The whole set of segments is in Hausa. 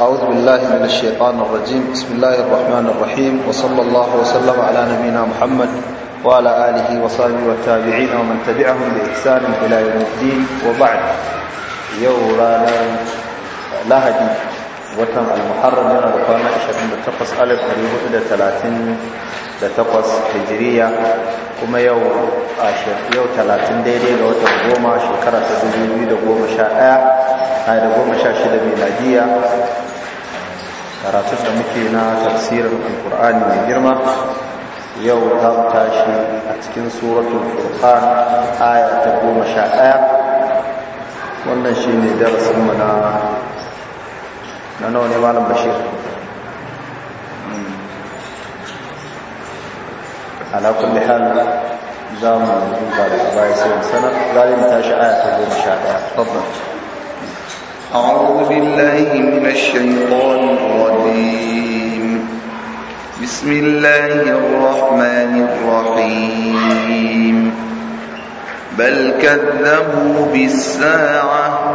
أعوذ بالله من الشيطان الرجيم بسم الله الرحمن الرحيم وصلى الله وسلم على نبينا محمد وعلى آله وصحبه والتابعين ومن تبعهم بإحسان إلى يوم الدين وبعد يورانا لهدي watan almuharram yana da kwana 28,438 hijiriya kuma yau yau 30 daidai ga watan goma shekara ta 2011 a da goma sha shida miladiya karatun da muke na tafsirin alkur'ani mai girma yau ta tashi a cikin suratul furqan aya ta goma sha ɗaya wannan shi ne darasinmu na na ne malam bashir hmm. ala kulli hal zamu mu da baya sai sanar za mu tashi aya ta goma sha ɗaya tabbata أعوذ بالله من الشيطان الرجيم بسم الله الرحمن الرحيم بل كذبوا بالساعة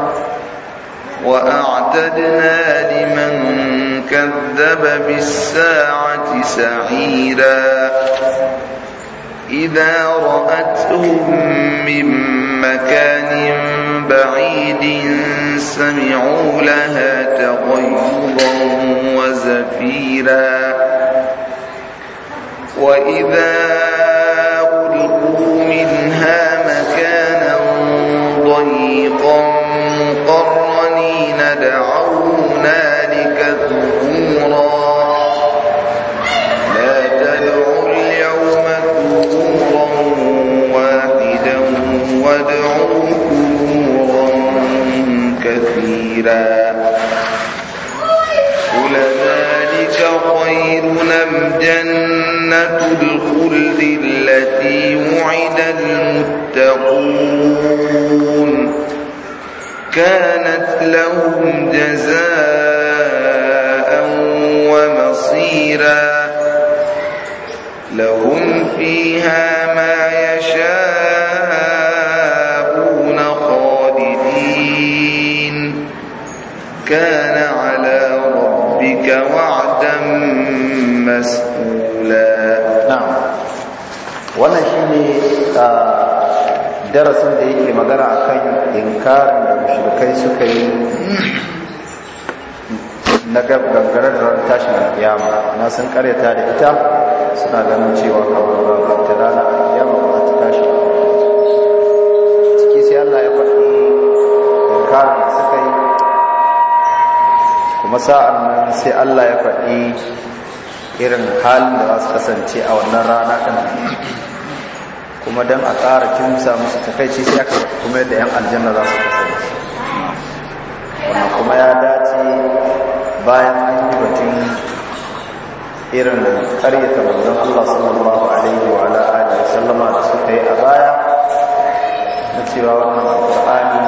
وأعتدنا لمن كذب بالساعة سعيرا إذا رأتهم من مكان بعيد سمعوا لها تغيظا وزفيرا وإذا ألقوا منها مكانا ضيقا خيرا قل ذلك خير أم جنة الخلد التي وعد المتقون كانت لهم جزاء ومصيرا لهم فيها ما يشاءون كان على ربك وعدا مسئولا نعم wannan shine darasin da yake magana akan inkarin da mushrikai suka yi na gangarar da tashin alkiyama na sun karyata da ita suna ganin cewa kamar ba ta rana kuma sa'an nan sai Allah ya faɗi irin halin da za su kasance a wannan rana ɗin kuma don a ƙara kimsa musu takaici sai aka kuma yadda 'yan aljanna za su kasance wannan kuma ya dace bayan an yi batun irin ƙaryata manzon Allah sallallahu alaihi wa ala sallama da suka yi a baya na cewa wannan alƙur'ani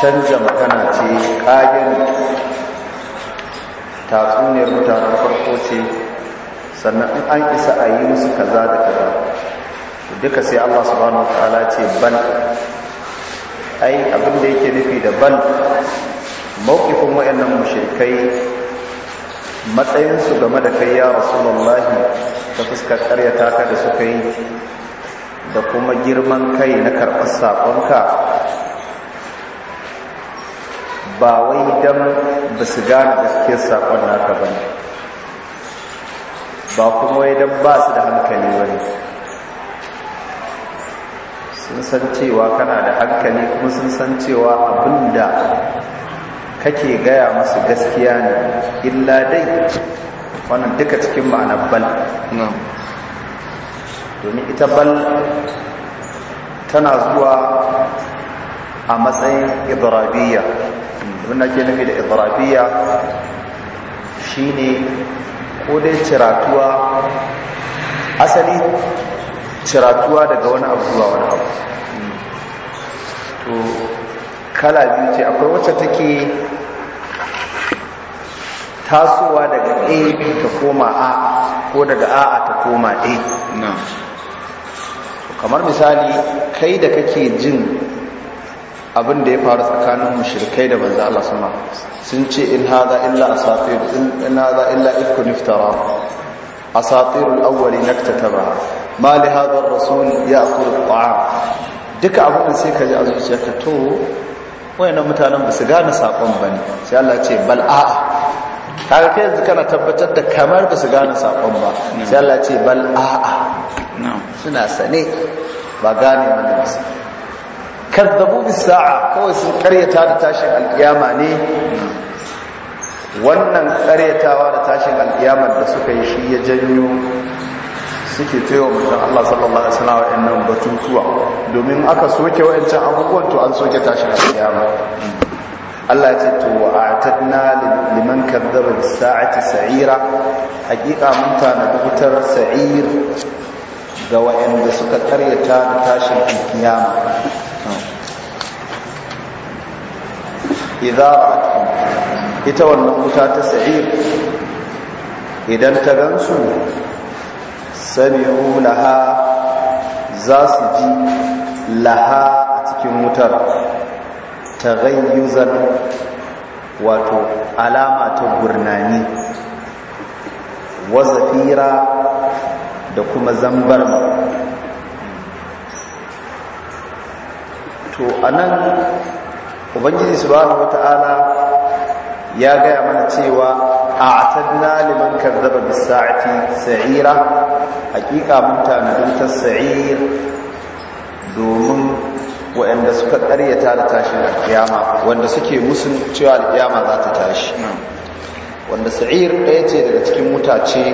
canja magana ce ƙagen tatsuniyar mutanen farko ce sannan in an isa a yi musu kaza da kaza duka sai Allah subhanahu ce ban ai abin da yake nufi da ban mawqifin wayannan mushrikai matsayin su game da kai ya rasulullahi ta fuskar karyata ka da suka yi da kuma girman kai na karɓar saƙonka ba wai don ba su gane gaskiyar saƙon naka ba ne ba kuma wai don ba su da hankali ba ne sun san cewa kana da hankali kuma sun san cewa abinda kake gaya musu gaskiya ne illa dai wannan duka cikin ma'anar bal domin ita bal tana zuwa a matsayin ibrahimiyya abin da ke nufi da idrafiya shine ko dai ciratuwa asali ciratuwa daga wani abu zuwa wani abu to kala biyu ce akwai wacce take tasowa daga a ta koma a ko daga a ta koma a kamar misali kai da kake jin abin da ya faru tsakanin mushrikai da banza Allah sama sun ce in hadha illa asatir in hadha illa ifkun iftara asatir al-awwalin naktataba ma li hadha ar-rasul ya'kul at-ta'am duka abin da sai ka ji a zuciyarka to wayannan mutanen ba su gane sakon bane sai Allah ce bal a'a kaga kai yanzu kana tabbatar da kamar ba su gane sakon ba sai Allah ce bal a'a suna sane ba gane wanda ba kazzabu bis sa'a kawai sun karyata da tashin alkiyama ne wannan karyatawa da tashin alkiyamar da suka yi shi ya janyo suke taiwa mutum Allah sallallahu alaihi wasallam wa'annan batutuwa domin aka soke wa'ancan abubuwan to an soke tashin alkiyama Allah ya ce to atadna liman kadzaba bis sa'ati sa'ira hakika mun tana wutar sa'ir ga wa'anda suka karyata da tashin alkiyama ita wannan wuta ta sa'ir idan ta gansu sami'u laha za su ji laha a cikin wutar ta taghayyuzan wato alama ta gurnani wazafira da kuma zambar to anan ubangiji wa ta'ala ya gaya mana cewa a'tadna liman bisa bis-sa'ati sa'ira hakika mun don ta sa'ir domin waɗanda suka ƙaryata da tashin alƙiyama wanda suke musun cewa alƙiyama za ta tashi wanda sa'ir ɗaya ce daga cikin mutace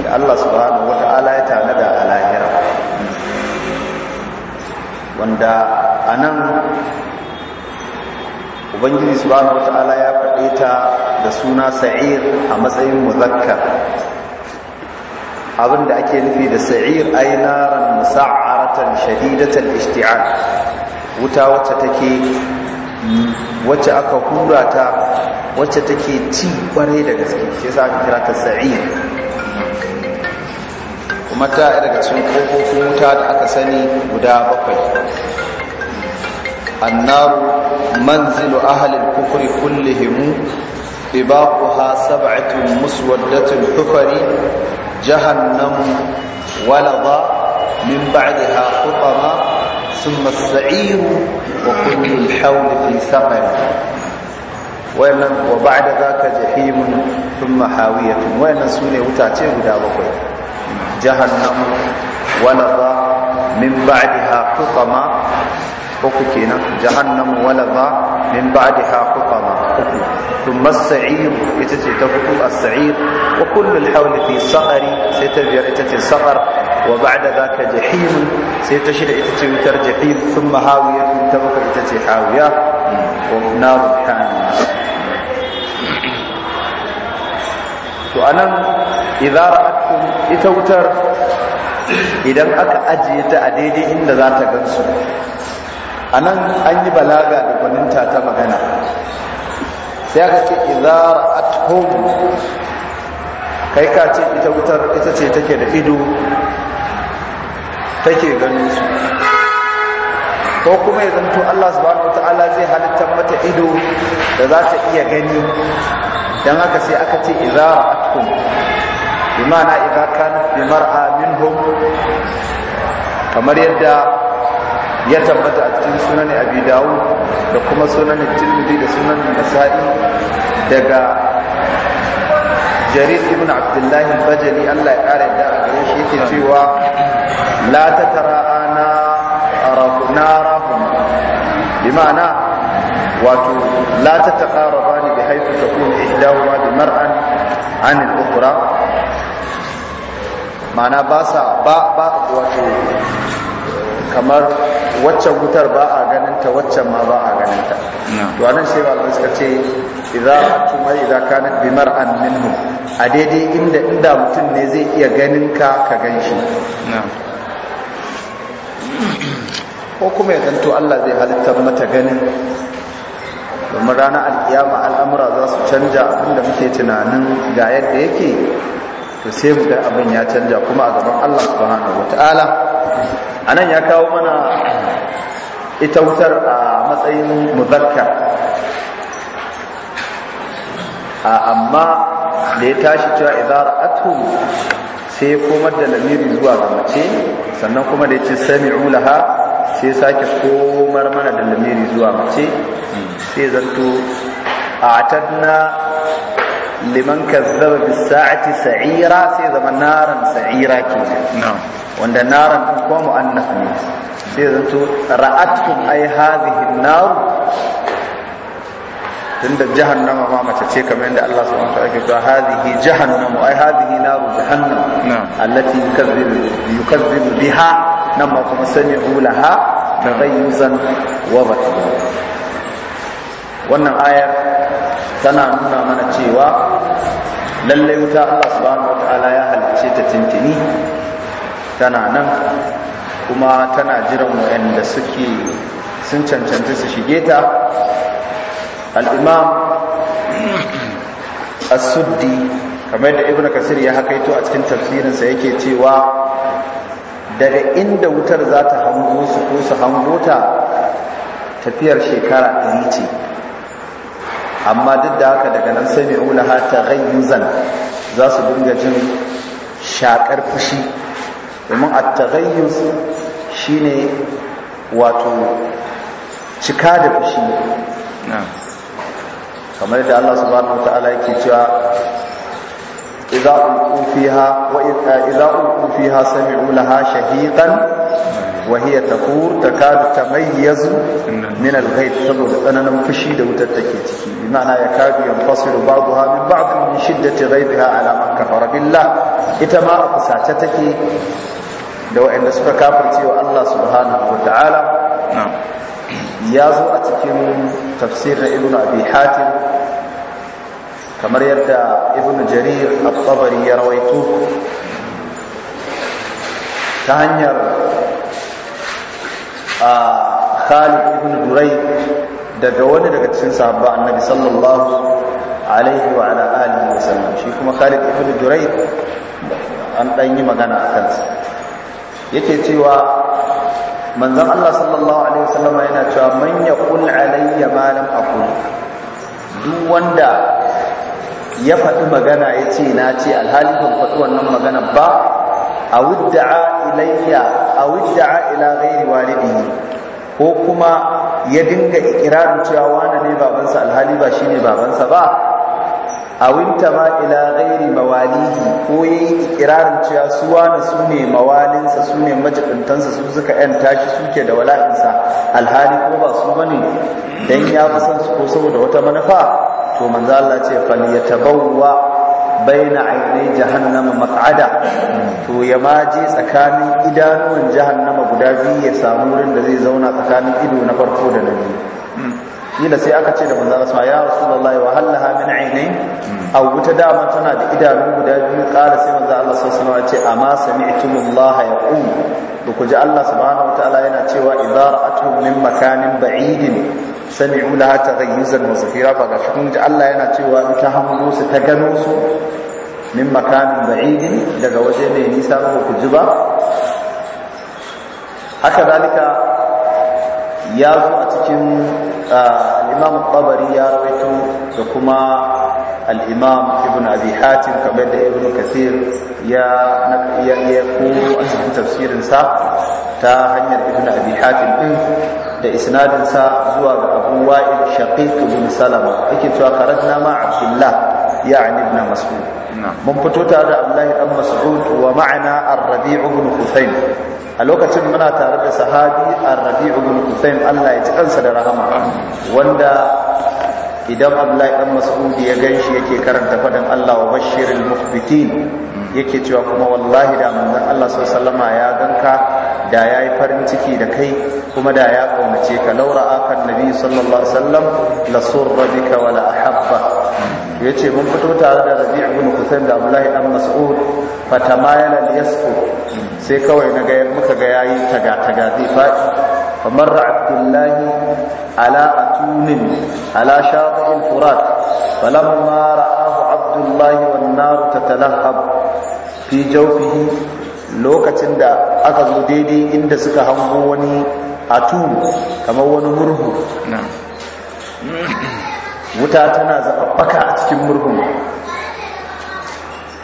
da Allah subhanahu ta'ala ya tanada a lahira wanda nan ubangiji subhanahu wata'ala ya faɗe ta da suna sa'ir a matsayin muzakkar abinda ake nufi da sa'ir ay ran musa'aratan shadidatan ishti'al wuta wacce take wacce aka hura ta wacce take ci kwarai daga gaske shi yasa aka kira ta sa'ir kuma ta daga cikin kofofin wuta da aka sani guda bakwai annaru manzilu ahalil kufri kullihim ibaquha sab'atun muswaddatun hufari jahannamu walada min ba'daha hutama thumma as-sa'ir wa kullu al-hawl fi saqar wayannan wa ba'da zaka jahimun thumma hawiyatun wayannan sune wutace guda bakwai jahannamu walada min ba'daha uku kenan jahannamu walaba min ba'daha hutama uku thumma as-sa'ir ita ce ta hudu a sair wa kullu al-hawl fi saqari sai ta biyar ita ce saqar wa ba'da ka jahim sai ta shida ita ce wutar jahim thumma hawiya ta baka ita ce hawiya wa na hamiya to anan idza ra'atkum ita wutar idan aka ajiye ta a daidai inda za ta gansu a nan an yi balaga da gwaninta ta magana sai aka ce izara at home kai ka ce ita wutar ita ce take da ido take ganin su ko kuma ya zanto Allah subhanahu Ta'ala zai halitta mata ido da za ta iya gani don haka sai aka ce izara at home bi ma'ana idan kana bi mar'a minhum kamar yadda ya tabbata a cikin sunan abi dawud da kuma sunan tirmidhi da sunan nasa'i daga jarir ibn abdullahi bajali Allah ya kare da a gare shi yake cewa la tatara ana narahum bi ma'ana wato la tataqarabani bi haythu takunu ihdahuma bi mar'an an al-ukhra ma'ana ba sa ba ba wato kamar waccan wutar ba a ganinta waccan ma ba a ganinta to anan sai ba Allah suka ce idza kuma idza kanat bi mar'an minhum a daidai inda inda mutum ne zai iya ganin ka ka ganshi ko kuma ya zanto Allah zai halitta mata ganin domin ranar alkiyama al'amura za su canja abinda muke tunanin ga yadda yake to sai mu ga abin ya canja kuma a gaban Allah subhanahu wataala anan ya kawo mana ita wutar a matsayin a amma da ya tashi cewa idara atum sai komar da lamiri zuwa ga mace sannan kuma da ya ce sami'u laha sai sake komar mana da lamiri zuwa mace sai zanto a atarna liman kazzaba bis sa'ati sa'ira sai zama naran sa'ira ke wanda naran kuma mu'annas ne sai zanto ra'atkum ai hadhihi an-nar tunda jahannama ma mace ce kamar yadda Allah subhanahu wa ta'ala ke cewa hadhihi jahannama, ai hadhihi nar jahannam allati yukazzibu yukazzibu biha nan ma kuma sami'u laha taghayyuzan wa batwa wannan ayar tana nuna mana cewa lallai wuta Allah subhanahu wa ta'ala ya halicce ta tintini tana nan kuma tana jiran waɗanda suke sun cancanci su shige ta al'imam as-suddi kamar da ibnu kasir ya hakaito a cikin tafsirinsa yake cewa daga inda wutar za ta hango su ko su hango ta tafiyar shekara ɗari ce amma duk da haka daga nan sai mai ulaha ta gayyuzan za su dinga jin shakar fushi domin at shi shine wato cika da fushi kamar da Allah subhanahu wataala yake cewa idza ulqu fiha wa idza ulqu sami'u laha shahiqan wahiya tafur ta kadu ta mayyazu min alghayb saboda tsananin fushi da wutar take ciki bi ma'ana ya kadu yanfasilu ba'daha min ba'd min shiddati ghaybiha ala man kafara billah ita ma a kusace take da waɗanda suka kafirce wa Allah subhanahu wa ta'ala ya zo a cikin tafsir na ibn abi hatim kamar yadda ibn jarir al-tabari ya rawaito ta hanyar a Khalid ibn Durai daga wani daga cikin sahabba annabi sallallahu alaihi wa ala alihi wa sallam shi kuma Khalid ibn Durai an dan yi magana a kansa yake cewa manzon Allah sallallahu alaihi wa sallam yana cewa man yaqul alayya ma lam aqul duk wanda ya faɗi magana ya ce na ce alhali ban faɗi wannan magana ba a wudda'a ilayya a wudda'a ila غير والده ko kuma ya dinga ikirarin cewa wani ne babansa alhali ba shine babansa ba a winta ma ila ghairi mawalihi ko yayi ikirarin cewa su wani su ne mawalinsa su ne majibintansa su suka yan tashi suke da wala'insa alhali ko ba su bane dan ya fi son su ko saboda wata manufa to manzo Allah ce fal yatabawwa baina ainihin jahannama mak'ada to ya maje tsakanin idanuwan jahannama guda biyu ya samu wurin da zai zauna tsakanin ido na farko da na biyu kila sai aka ce da manzo Allah ya rasulullah wa hallaha min ainain aw wuta dama tana da idanu guda biyu kala sai manzo Allah sallallahu alaihi wasallam ya ce amma sami'tumullah yaqul to ku ji Allah subhanahu wataala yana cewa izara a min makanin ba'idin sami'u laha taghayyuzan wa fira ba gashi kun ji Allah yana cewa in ta hango su ta gano su min makamin ba'idin daga waje mai nisa ba ku ji ba haka zalika ya zo a cikin imam tabari ya rawaito da kuma al-imam ibn abi hatim kamar da ibn kasir ya ya ko a cikin tafsirin sa ta hanyar ibn abi hatim din da isnadin sa zuwa ga abu wa'id shaqiq bin salama yake cewa kharajna ma abdullah ya'ni ibn mas'ud mun fito tare da abdullahi dan mas'ud wa ma'ana ar-rabi' ibn husayn a lokacin muna tare da sahabi ar-rabi' ibn husayn Allah ya ci kansa da rahama wanda idan Abdullahi dan Mas'ud ya ganshi yake karanta fadan Allah wa bashiril mukhbitin yake cewa kuma wallahi da manzon Allah sallallahu alaihi wasallama ya ganka da ya yi farin ciki da kai kuma da ya kaunace ka laura akan nabi sallallahu alaihi wasallam la surra bika wa la ahabba ya ce mun fito tare da rabi ibn husain da abdullahi dan mas'ud fatamayala liyasqu sai kawai na ga muka ga yayi taga taga zai faɗi famar abdullahi ala atunin ala shafi'il furat falamma ra'ahu abdullahi wan nar tatalahab fi jawfihi lokacin da aka zo daidai inda suka hango wani atu kamar wani murhu wuta tana zaɓaɓɓaka a cikin murhun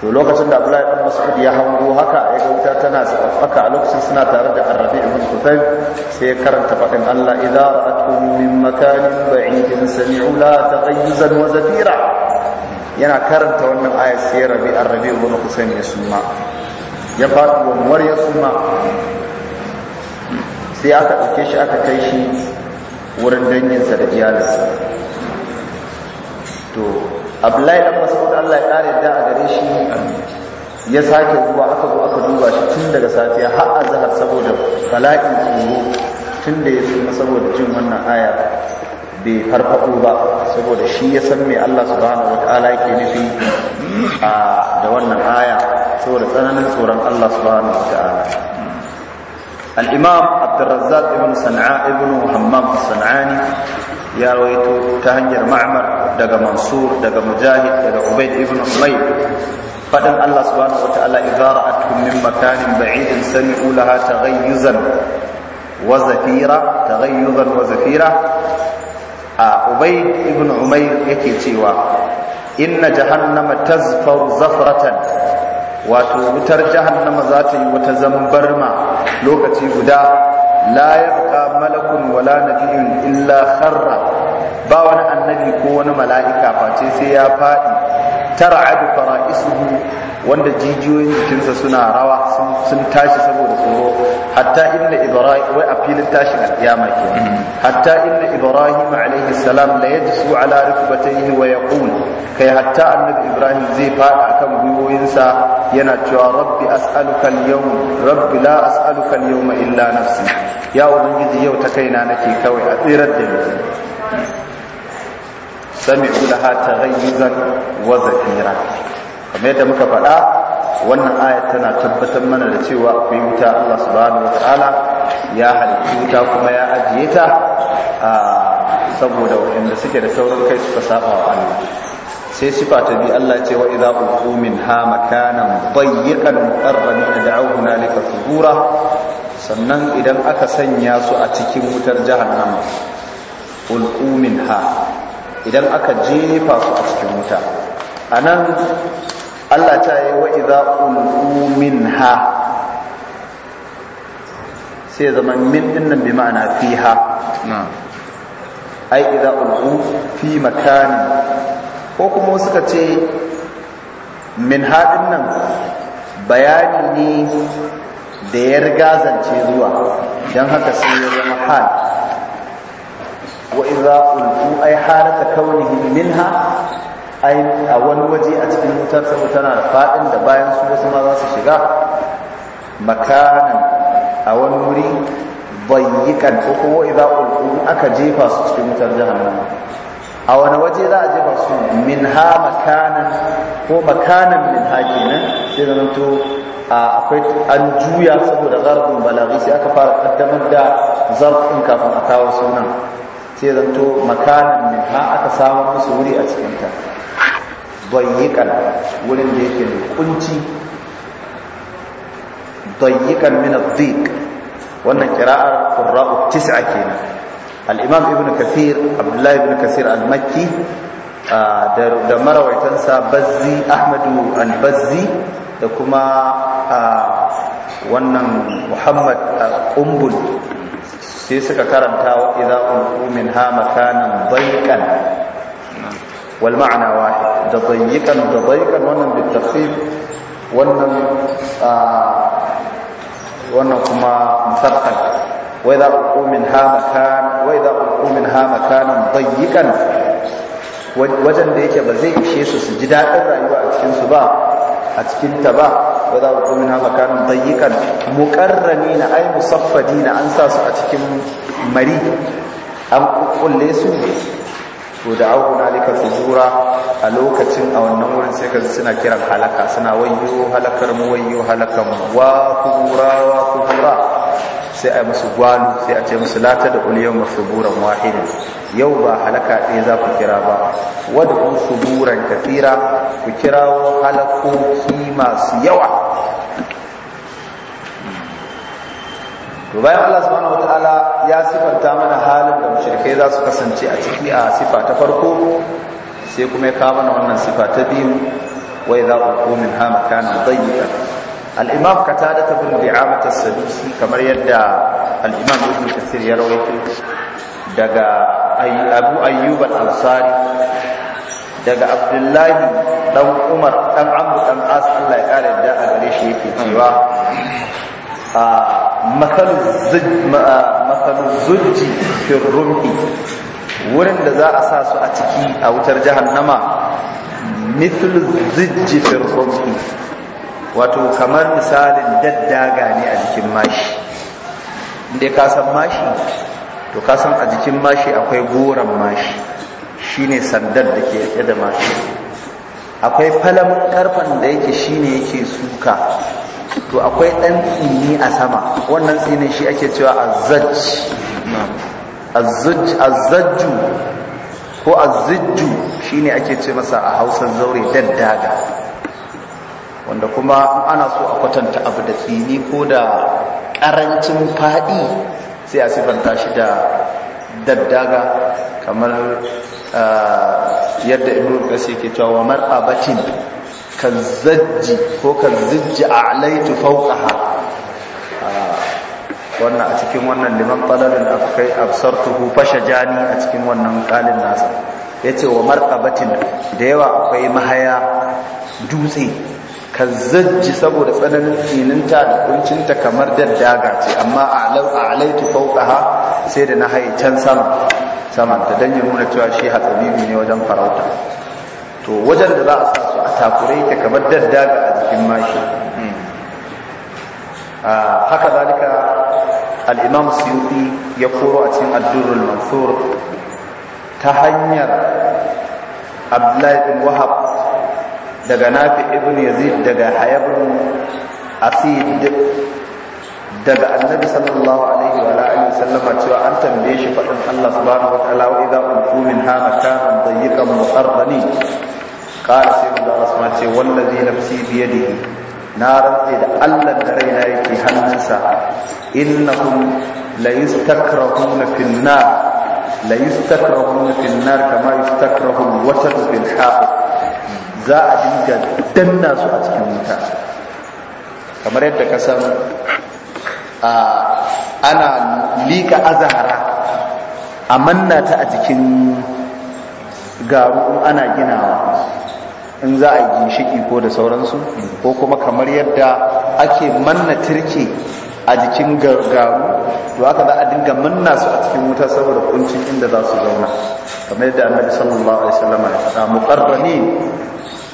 to lokacin da abdullahi dan mas'ud ya hango haka ya ga wuta tana zaɓaɓɓaka. a lokacin suna tare da a ibn kusan sai ya karanta faɗin Allah idza ra'atuhum min makanin ba'idin sami'u la taghayyuzan wa zafira yana karanta wannan ayat sai rabi arrabi wani qutayb ya suma ya faɗi wanwar ya suma sai aka ɗauke shi aka kai shi wurin danginsa da iyalinsa to abdullahi dan mas'ud Allah ya ƙare da a gare shi ya sake zuwa aka zo aka duba shi tun daga safiya har zahar saboda bala'in tsoro tun da ya suma saboda jin wannan aya bai farfado ba saboda shi ya san me Allah subhanahu wataala yake nufi a da wannan aya saboda tsananin tsoron Allah subhanahu wataala al-imam Abdurrazzaq ibn San'a ibn Hammam sanani ya rawaito ta hanyar Ma'mar daga Mansur daga Mujahid daga ubaid ibn Umayr fadin Allah subhanahu wataala idza ra'atuhum min makanin ba'idin sami'u laha taghayyuzan wa zafira taghayyuzan wa zafira a ubayd ibn umair yake cewa inna jahannama tazfaru zafratan wato wutar jahannama za ta yi wata zambarma lokaci guda la yabqa malakun wala nabiyyun illa kharra ba wani annabi ko wani mala'ika face sai ya faɗi tar'adu fara'isuhu wanda jijiyoyin jikinsa suna rawa sun tashi saboda tsoro hatta inna ibrahim wai a filin tashin alkiyama ke hatta inna ibrahim alayhi salam la yajsu ala rukbatayhi wa yaqul kai hatta annabi ibrahim zai fada akan gwiwoyinsa yana cewa rabbi as'aluka al-yawm rabbi la as'aluka al-yawma illa nafsi ya ubangiji yau ta kaina nake kawai a tsirar da ni sami'u laha taghayyuzan wa zafira kamar yadda muka faɗa wannan ayar tana tabbatar mana da cewa akwai wuta Allah subhanahu wataala ya halitta wuta kuma ya ajiye ta saboda waɗanda suke da sauran kai suka saba wa Allah sai sifa ta bi Allah ce wa idza ulqu minha makanan dayyiqan muqarrabina da'u hunalika thubura sannan idan aka sanya su a cikin wutar jahannama ulqu ha, idan aka jefa su a cikin wuta anan Allah ta yi wa idza min ha sai zama min din nan bi ma'ana fi fiha ai iza ulqu fi makani ko kuma suka ce min haɗin nan bayani ne da ya rigazance zuwa don haka sai ya zama hal wa iza ulqu ai halata kaunihi ha. a wani waje a cikin wutar saboda tana da faɗin da bayan su wasu ma za su shiga makanan a wani wuri bayyikan ko kuma idan ƙulƙulu aka jefa su cikin wutar jahannama a wani waje za a jefa su min ha makanan ko makanan min ha kenan sai zama to akwai an juya saboda zarafin balaghi sai aka fara kaddamar da zarafin kafin a kawo sunan sai zanto makanan min ha aka samu musu wuri a cikin ta. dayyikan wurin da yake da kunci dayyikan min adh-dhiq wannan qira'ar qurra'u tis'a kenan al-imam ibn kathir abdullah ibn kathir al-makki ah, da sa bazzi ahmadu al-bazzi da kuma ah, wannan muhammad a qumbul sai suka karanta wa idza min minha makanan dayyikan wal ma'ana wahid da dayyikan da dayyikan wannan bitafsir wannan wannan kuma musaffan wai za ku min ha makan wai za ku min ha makanan dayyikan wajen da yake ba zai ishe su su ji daɗin rayuwa a cikinsu ba a cikinta ba wa za ku min hama kanun dayyikan muƙarrani na ai musaffadi na an sa su a cikin mari an kulle su to da abu na lika fujura a lokacin a wannan wurin sai ka suna kiran halaka suna wayyo halakar mu wayyo halakar mu wa kubura wa kubura sai a musu gwalu sai a ce musu lata da uliyan mafi buran wahidi yau ba halaka ɗaya za ku kira ba wadda kun su kafira ku kirawo halakoki masu yawa to bayan Allah subhanahu wataala ya sifanta mana halin da mushrikai za su kasance a ciki a sifa ta farko sai kuma ya kawo mana wannan sifa ta biyu wa idza ulqu minha makanan dayyiqan al-imam qatada ibn bi'amah as-sadusi kamar yadda al-imam ibn kathir ya rawaito daga abu ayyub al-ansari daga abdullahi dan umar dan abu dan as Allah ya kare da a gare shi yake cewa a ah, matsalin zujji fi rum'i wurin da za a sa su a ciki a wutar jahannama mitul zujji fi rum'i wato kamar misalin daddaga ne a jikin mashi inda ka san mashi to ka san a jikin mashi akwai goron mashi shine sandar da ke yadda mashi akwai falamin karfan da yake shine yake suka to akwai ɗan tsini a sama wannan tsini shi ake cewa azaj azzajju ko shi shine ake ce masa a hausar zaure daddaga wanda kuma ana so a kwatanta abu da tsini ko da ƙarancin faɗi sai a sifanta shi da daddaga kamar eh, yadda ibn qasim ke cewa mar'abatin kazzajji ko kazzijji a alaitu ha ah, wannan a cikin wannan liman talalin da kai fasha jani a cikin wannan kalin nasa ya ce wa marqabatin da yawa akwai mahaya dutse kazzajji saboda tsananin tsininta da kuncinta kamar daga ce amma a alaitu ha, sai da na haye can sama samanta don yi nuna cewa shi hatsabibi ne wajen farauta to wajen da za a sa su a takure ta kamar ga a jikin mashi haka zalika al'imam suyuti ya koro a cikin addurul mansur ta hanyar abdullahi bin wahab daga nafi ibn yazid daga hayabin asid daga annabi sallallahu alaihi wa alihi sallama cewa an tambaye shi faɗin Allah subhanahu wa ta'ala wa idza kuntum min hama kana da muqarrani kada sai mu da asma ce wallazi nafsi biyadihi na rantse da Allah da raina yake hannunsa innakum la yastakrahuna fil nar la yastakrahuna fil nar kama yastakrahu al-wasad fil haq za a dinga danna su a cikin wuta kamar yadda ka san ana lika azahara a manna ta a jikin garu ana ginawa in za a yi ginshiki ko da sauransu ko kuma kamar yadda ake manna turke a jikin gargaru to aka za a dinga manna su a cikin wuta saboda kuncin inda za su zauna kamar yadda annabi sallallahu alaihi wasallam ya faɗa muqarrani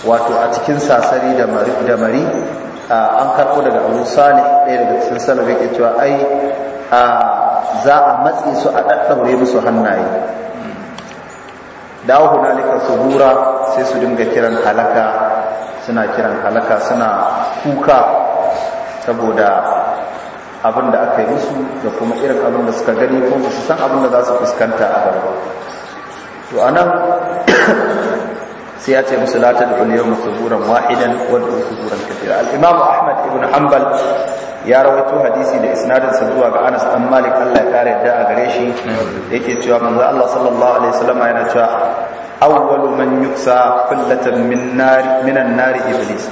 wato a cikin sasari da mari da mari an karɓo daga Abu Salih ɗaya daga cikin salafi ke cewa ai za a matse su a daddaure musu hannaye dawo hunalika subura sai su dinga kiran halaka suna kiran halaka suna kuka saboda abin da aka yi musu da kuma irin abin da suka gani ko su san abin da za su fuskanta a gaba to anan sai ya ce musu la tad'ul yawma thuburan wahidan wa tad'ul thuburan al-imam ahmad ibn hanbal ya rawaito hadisi da isnadin sa zuwa ga Anas dan Malik Allah ya kare da a gare shi yake cewa manzo Allah sallallahu alaihi wasallam yana cewa awwalu man yuksa kullatan min nar minan nar iblis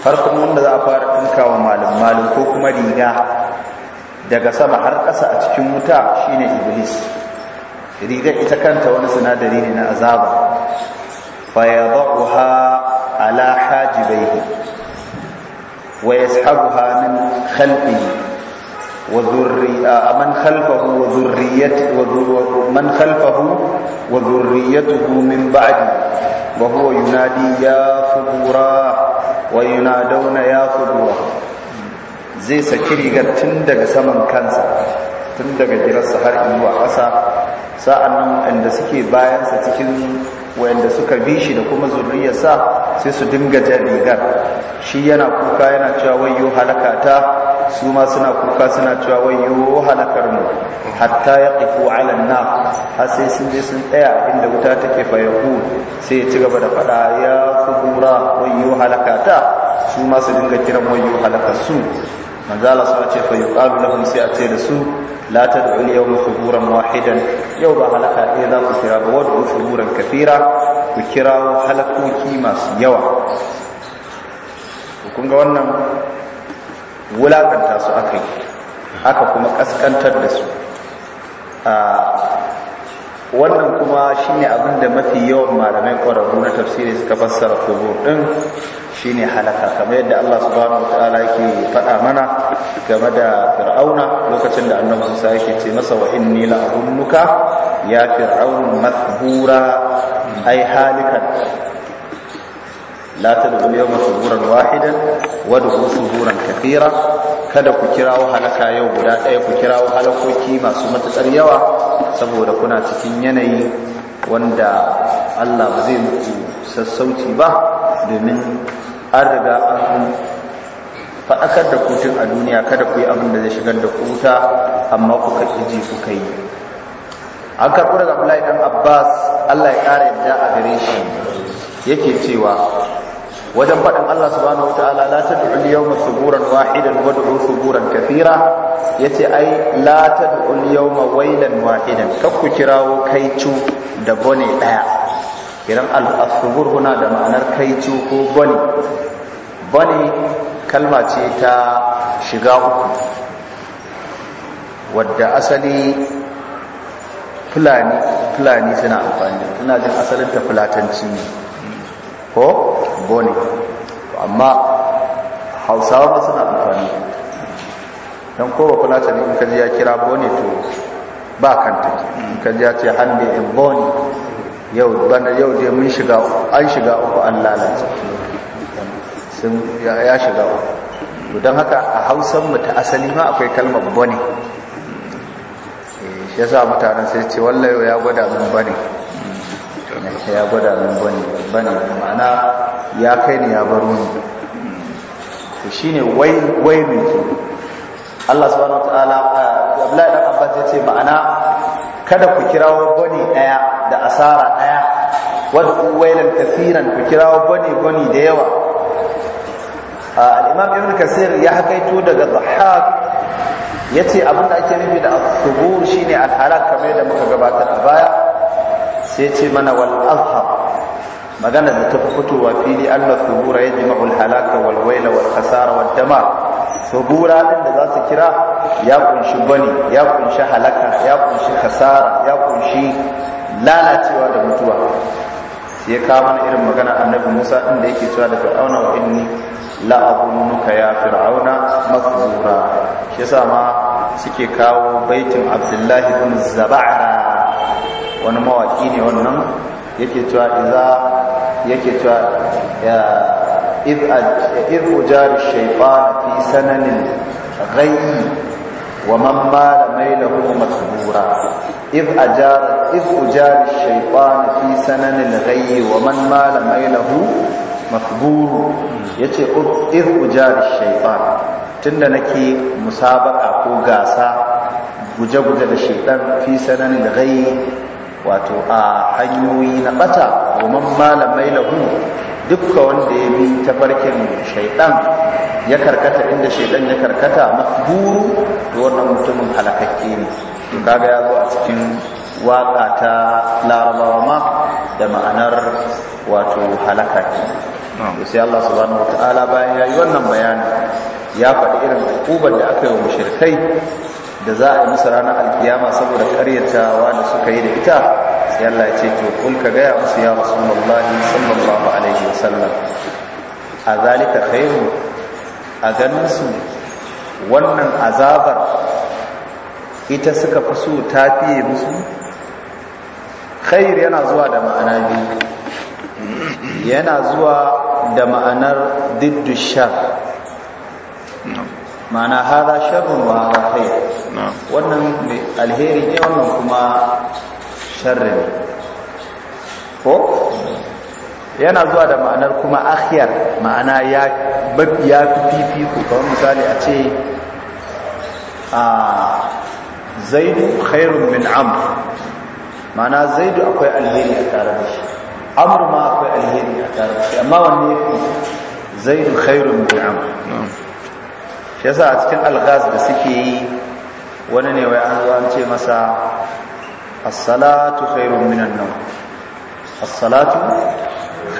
farkon wanda za a fara dinkawa malam malam ko kuma riga daga sama har ƙasa a cikin wuta shine iblis rigar ita kanta wani sinadari ne na azaba fa yadhuha ala hajibaihi wa yashabuha min khalqihi ومن خلفه وذريته من بعد وهو ينادي يا فبورا وينادون يا فبورا زي saki rigar tun daga saman kansa tun daga girarsa har zuwa ƙasa sa'an nan suke bayansa cikin wanda suka bi shi da kuma sa sai su dinga jan rigar shi yana kuka yana cewa wayo halaka ta su ma suna kuka suna cewa wayo halakar mu hatta ya qifu ala na har sai sun je sun tsaya inda wuta take fa sai ya ci gaba da fada ya kubura wayo ta su ma su dinga kiran wayo halakar su manzala sa ce fa yuqalu lahum sai a ce da su la tad'u al-yawma wahidan yau ba halaka ɗaya za ku kira ba wad'u thuburan kafira ku kira halakoki masu yawa kun ga wannan wulakanta su aka yi aka kuma kaskantar da su wannan kuma shi ne abinda mafi yawan malamai ƙwararru na tafsiri suka fassara kubur ɗin shi ne halaka kamar yadda Allah subhanahu ta'ala yake faɗa mana game da fir'auna lokacin da annabi Musa yake ce masa wa inni nuka, ya fir'aun mathbura ai halikan لا tad'u yawma صبورا wahidan wad'u صبورا كثيرا kada ku kirawo halaka yau guda ɗaya ku kirawo halakoki masu matuƙar yawa saboda kuna cikin yanayi wanda Allah ba zai muku sassauci ba domin an riga an faɗakar da kutun a duniya kada ku yi abin da zai shigar da kuta amma kuka ji kuka yi an karɓi daga Abdullahi ɗan Abbas Allah ya ƙara yadda a gare shi yake cewa wajen faɗin Allah subhanahu wataala la tad'u al-yawma thuburan wahidan wad'u thuburan kathira yace ai la tad'u al-yawma waylan wahidan kar ku kirawo kaicu da bone daya idan al-thubur huna da ma'anar kaicu ko bone bone kalma ce ta shiga uku wadda asali fulani fulani suna amfani suna jin asalin ta fulatanci ne ko boni amma hausawa ba suna amfani don kowa kula ta ne in kaji ya kira boni to ba kanta in kaji ya ce hannu in boni yau bane yau je mun shiga an shiga uku an lalace sun ya shiga uku don haka a hausan mutu ta asali ma akwai kalmar boni eh, ya sa mutanen sai ce wallahi ya gwada mun bane yanka ya gwada min bane bane ma'ana ya kai ni ya baro ni to shine wai wai min ki Allah subhanahu wataala eh, Abdullahi dan Abbas ya ce ma'ana kada ku kirawo bane daya da asara daya wadda wailan kafiran ku kirawo bane bane da yawa ah, al-imam ibn kasir ya hakaito daga dhahhak yace abinda ake nufi da as-subur shine al-halak kamar da muka gabatar a baya sai ce mana wal azhar magana da ta fitowa fili Allah subura ya jima'u al-halaka wal waila wal khasara wal dama subura din da zasu kira ya kunshi bani ya kunshi halaka ya kunshi khasara ya kunshi lalacewa da mutuwa sai ka kawo mana irin magana annabi Musa din da yake cewa da Fir'auna wa inni la ya fir'auna masbura shi yasa ma suke kawo baitin Abdullahi ibn Zabara wani mawaki ne wannan yake cewa iza yake cewa إذ أجار الشيطان في سنن الغي ومن مال ميله مسبورا إذ أجار إذ أجار الشيطان في سنن الغي ومن مال ميله makburu ya ce ihu jari tun tunda nake musabaka ko gasa guje-guje da shaidan fi sananin rai. wato a hanyoyi na bata domin malamai lahu dukka wanda ya bi tafarkin shaidan ya karkata inda shaidan ya karkata mafburu da wannan mutumin halakakke ne kaga ya zo a cikin waka ta larabawa ma da ma'anar wato halaka ce sai Allah subhanahu wataala bayan yayi wannan bayani ya faɗi irin hukubar da aka yi wa mushirikai. da za a yi musu ranar alkiyama saboda karyatawa da suka yi da ita sai Allah ya ce to kul ka gaya musu ya rasulullahi sallallahu alaihi wasallam a zalika khairu a ganin su wannan azabar ita suka fi so ta fiye musu khair yana zuwa da ma'ana biyu yana zuwa da ma'anar diddu ma'ana hada sharrun wa hada khair wannan alheri ne wannan kuma sharri ne ko yana zuwa da ma'anar kuma akhiyar ma'ana ya ya fi ko kamar misali a ce a zaidu khairun min amr ma'ana zaidu akwai alheri a tare da shi amr ma akwai alheri a tare da shi amma wanne zaidu khairun min amr shi yasa a cikin algaz da suke yi wani ne wai an zo an ce masa as-salatu khairun minan nawm as-salatu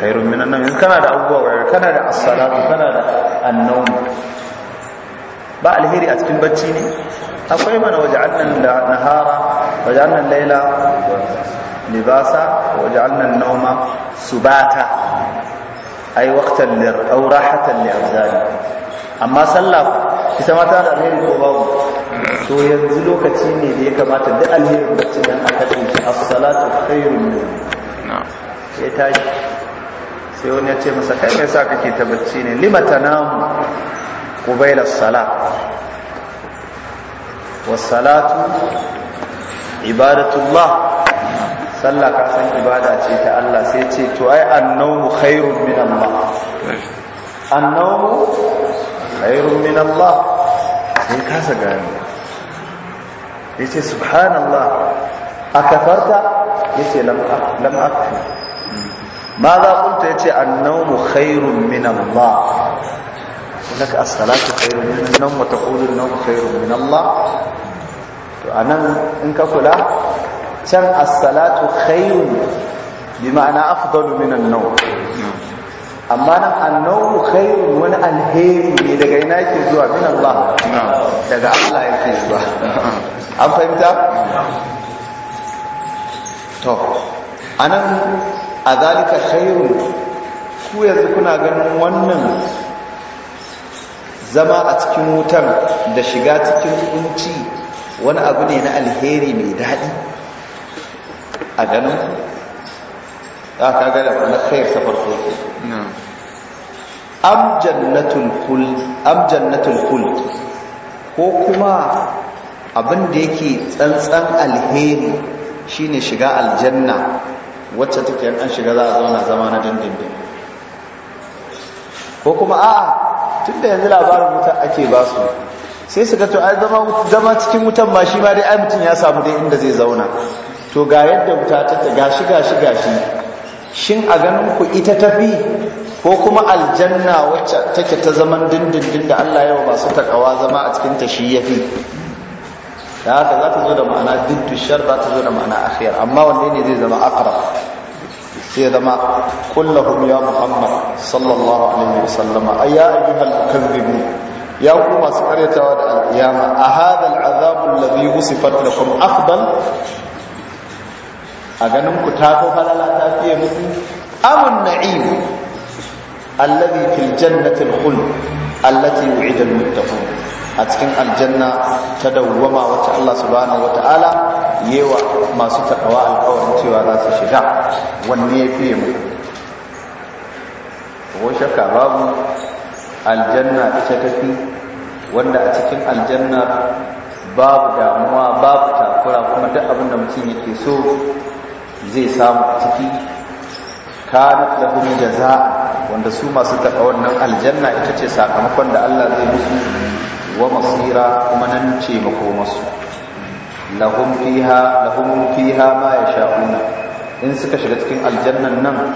khairun minan nawm kana da abubuwa wai kana da as-salatu kana da an-nawm ba alheri a cikin bacci ne akwai mana waja'alna nahara waja'alna layla libasa waja'alna an nauma subata ai waqtan lir aw rahatan li abdani amma sallah ita ma ta da alheri ko babu to yanzu lokaci ne da ya kamata duk da bacci nan aka ce as-salatu khairun min ya tashi sai wani ya ce masa kai me sa kake ta bacci ne limata tanamu qabila as-salat Wa salatu ibadatullah sallah ka san ibada ce ta Allah sai ce to ai annawmu khairun min Allah annawmu khairun min Allah sai kasa gane yace subhanallah akafarta yace lam akfi ma za qulta yace annawmu khairun min Allah laka as-salatu khairun min an-nawm wa taqulu an min Allah to anan in ka kula can as-salatu khairun bi ma'ana afdalu min an amma nan annawu khairun wani alheri ne daga ina yake zuwa min Allah daga Allah yake zuwa an fahimta to anan a zalika ku yanzu kuna ganin wannan zama a cikin wutar da shiga cikin kunci wani abu ne na alheri mai daɗi a ganin ku. Ah, ka kaga da na khair safar soke am jannatul khuld am jannatul ko kuma abin da yake tsantsan alheri shine shiga aljanna wacce take an shiga za a zauna zama na dindindin ko kuma a'a tunda yanzu labarin wuta ake ba su sai su ga to ai zama zama cikin wutan ma shi ma dai ai mutum ya samu dai inda zai zauna to ga yadda wuta ta gashi gashi gashi shin a ganin ku ita tafi ko kuma aljanna wacce take ta zaman dindindin da Allah yau masu takawa zama a cikin ta shi yafi da haka za ta zo da ma'ana diddu za ta zo da ma'ana akhir amma wanne ne zai zama aqrab sai zama kullahum ya muhammad sallallahu alaihi wasallam ayya ayyuhal mukazzibun ya ku masu karyatawa da al'iyama a hadal azabul Sifat wusifat kuma Akbal. a ganin ku ta falala ta fiye musu amun na'im allazi fil jannati al-khuld allati wu'ida al-muttaqun a cikin aljanna ta dawwama wacce Allah subhanahu wata'ala yewa masu takawa alƙawarin cewa za su shiga wanne ya fiye mu ko shakka babu aljanna ita tafi wanda a cikin aljanna babu damuwa babu takura kuma duk abin da mutum yake so zai samu a ciki kanat lahum jazaa wanda su masu taɓa wannan aljanna ita ce sakamakon da Allah zai musu wa masira kuma nan ce makomarsu lahum fiha lahum fiha ma yasha'una in suka shiga cikin aljannan nan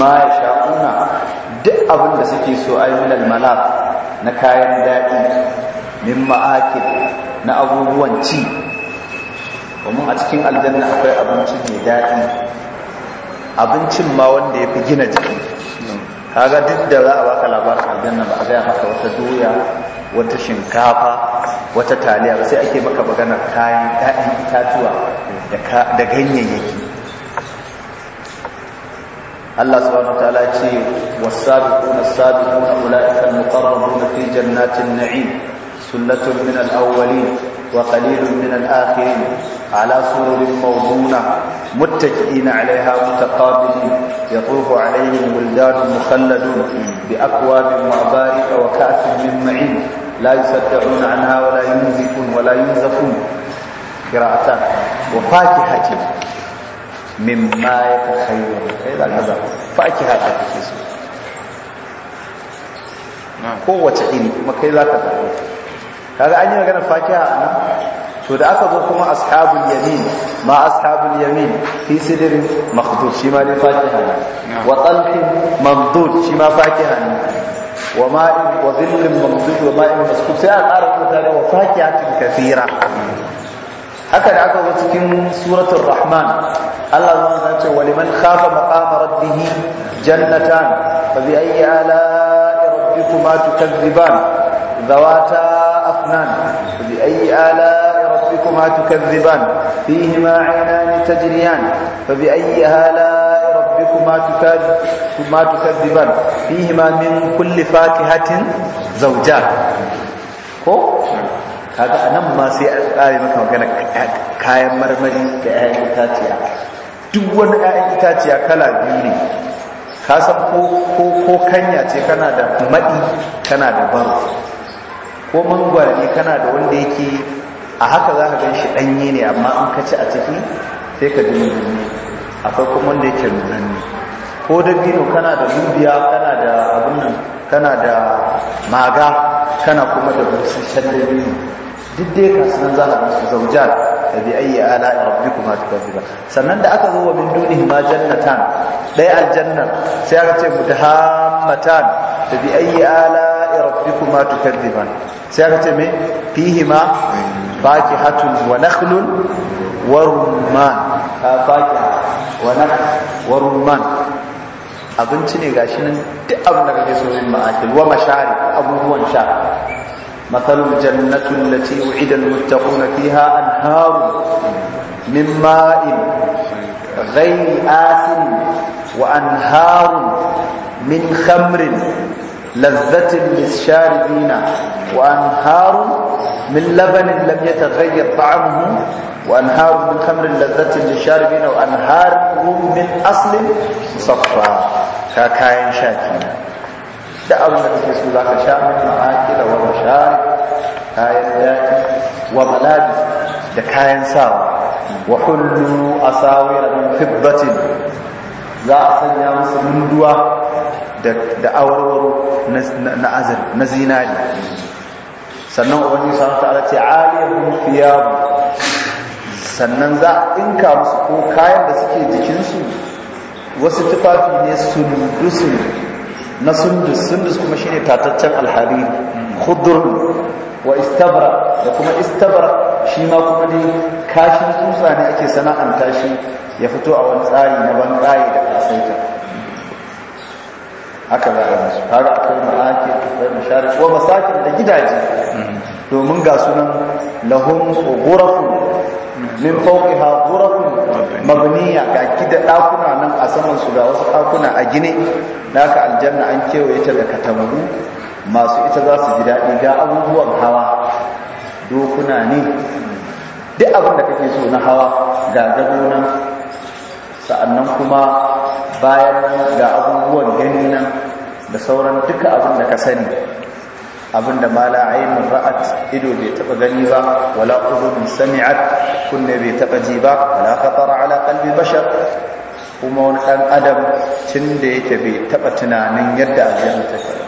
ma yasha'una duk abin da suke so ay min na kayan daɗi min ma'akil na abubuwan ci domin a cikin aljanna akwai abinci mai daɗi abincin ma wanda ya fi gina jiki kaga duk da za a baka labarin aljanna ba a gaya maka wata doya wata shinkafa wata taliya ba sai ake maka maganar kayan ɗaɗin itatuwa da ganyayyaki Allah subhanahu wa ta'ala ce was-sabiquna as-sabiquna ulaika al-muqarrabuna fi jannatin na'im sunnatun min al-awwalin وقليل من الآخرين على سرر موضونة متكئين عليها متقابلين يطوف عليهم ولدان مخلدون بأكواب وأبارك وكأس من معين لا يصدعون عنها ولا ينزفون ولا ينزفون قراءتان وفاكهة مما يتخيرون هذا النظر فاكهة تكفيسون kowace iri kuma kai za ka zaɓe kaga an yi maganar fakiha a nan to da aka zo kuma ashabul yamin ma ashabul yamin fi sidrin makhdud shi ma ne fakiha ne wa talqin mamdud shi ma fakiha ne wa ma'in wa dhillin mamdud wa ma'in maskud sai a ƙara kuta da wa fakihatin kathira haka da aka zo cikin suratul rahman Allah zai ta ce wa liman khafa maqama rabbih jannatan fa bi ayyi ala rabbikuma tukazziban zawata الرحمن فبأي آلاء ربكما تكذبان فيهما عينان تجريان فبأي آلاء ربكما تكذبان تكذبان فيهما من كل فاكهة زوجان ko kaga anan ma sai a tsare maka magana kayan marmari da ƴaƴan itaciya duk wani ƴaƴan itaciya kala biyu ne ka san ko ko kanya ce kana da madi kana da baro ko mangwara kana da wanda yake a haka za ka gan shi ɗanye ne amma an kaci a ciki sai ka dini dini akwai kuma wanda yake nunanne ko dabino kana da dubiya kana da abin nan kana da maga kana kuma da shan dabino duk dai kasuwan za a su zaujar da bi ayi ala rabbi kuma ba. sannan da aka zo wa min dunihi ma jannatan ɗaya aljannar sai aka ce mutahammatan da bi ayi ala rabbi kuma ba. sai aka ce mai ma faki hatun wanaklun warman ta abinci ne ga shi nan duk abin da kake so yin ma'akil wa mashari abubuwan sha matsalin jannatun da ce wa idan mutakun na fi ha an haru min ma'in rai asin wa an haru min khamrin lazzatin lisharibina wa anharu من لبن لم يتغير طعمه وأنهار من خمر لذة للشاربين وأنهار من أصل مصفى كاكاين شاكين da abin da kake so za ka sha min ma'akila wa mashar kayan daɗi wa da kayan sawa wa hullu asawira min fiddatin za a sanya musu munduwa da awarwaro na azir na zinari sannan wani sa ta ce Aliyu thiyab sannan za a ka musu ko kayan da suke jikinsu wasu tufafi ne sundus na sundus sundus kuma shine tataccen alhari khudur wa istabra da kuma istabra shi ma kuma ne kashin tsutsa ne ake sana'anta shi ya fito a wani tsari na ban da kasaita haka za a yi a kai akwai ma'aki akwai mashari wa masakin da gidaje domin ga sunan lahum tsogorafu min ha tsogorafu mabniya ga gida ɗakuna nan a saman su ga wasu ɗakuna a gine ka aljanna an kewaye ta da katamaru masu ita za su ji daɗi ga abubuwan hawa dokuna ne duk abin da kake so na hawa ga gado nan sa'annan kuma bayan ga abubuwan gani nan da sauran duka abin da ka sani abin da ma la ainihin ra'at ido bai taba gani ba wala uzun sami'at kunne bai taba ji ba wala khatara ala kalbi bashar kuma wani ɗan adam tun da yake bai taba tunanin yadda a ta fara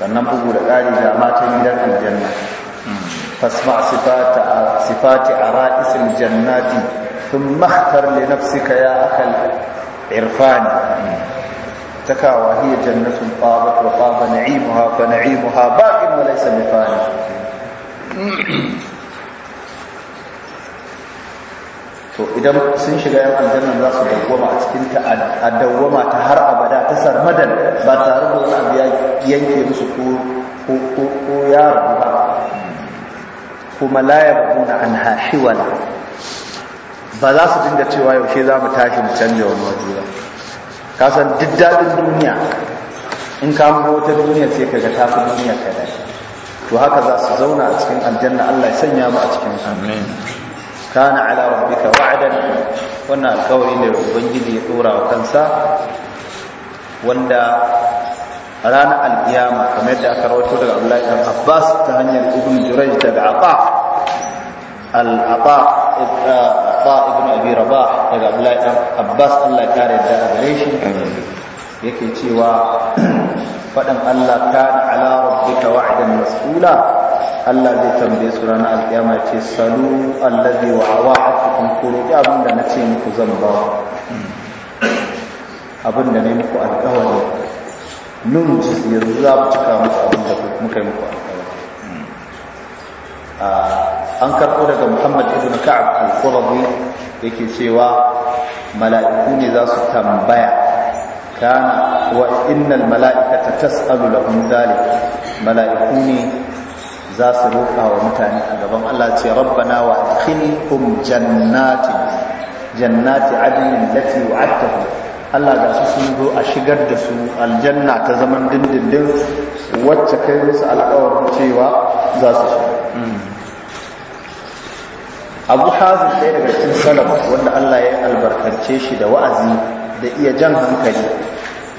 sannan bugu da ƙari da matan gidan aljanna فاسمع صفات صفات عرائس الجنات ثم اختر لنفسك يا أخ العرفان تكاوى هي جنة طابت وطاب نعيمها فنعيمها باق وليس بفاني to idan sun shiga yan aljanna za su dawwama a cikin ta a dawwama ta har abada ta sarmadan ba tare da wani abu yanke musu ko ko ko ya rabu ba kuma la yabuna anha hiwala ba za su dinga cewa yaushe za mu tashi mu canja wani waje ba ka san duk daɗin duniya in ka mu wata duniya sai ka ga ta fi duniya ka da to haka za su zauna a cikin aljanna Allah ya sanya mu a cikin amin kana ala rabbika wa'dan wannan alƙawari ne ubangiji ya dora wa kansa wanda ranar alkiyama kamar yadda aka rawato daga Abdullahi ibn Abbas ta hanyar Ibn Jurayj daga Aqa al-Aqa Aqa ibn Abi Rabah daga Abdullahi ibn Abbas Allah ya kare da gare shi yake cewa fadan Allah kana ala rabbika wa'dan mas'ula Allah zai tambaye su ranar alkiyama ce salu allazi wa'awa'atukum ku roki abin da na ce muku zan ba abinda da ne muku alkawari nun yanzu za mu cika musu abin da muka yi muku ah, an karɓo daga muhammad ibn ka'ab al-qurabi yake cewa mala'iku ne za su tambaya kana wa innal mala'ikata tas'alu lahum dhalik mala'iku ne za su roƙa wa mutane a gaban Allah ce rabbana wa adkhilhum jannati jannati adnin lati wa'adtahum Allah ga su sun zo a shigar da su aljanna ta zaman dindindin wacce kai musu alƙawarin cewa za su shi abu hazin ɗaya daga cikin salam wanda Allah ya albarkace shi da wa'azi da iya jan hankali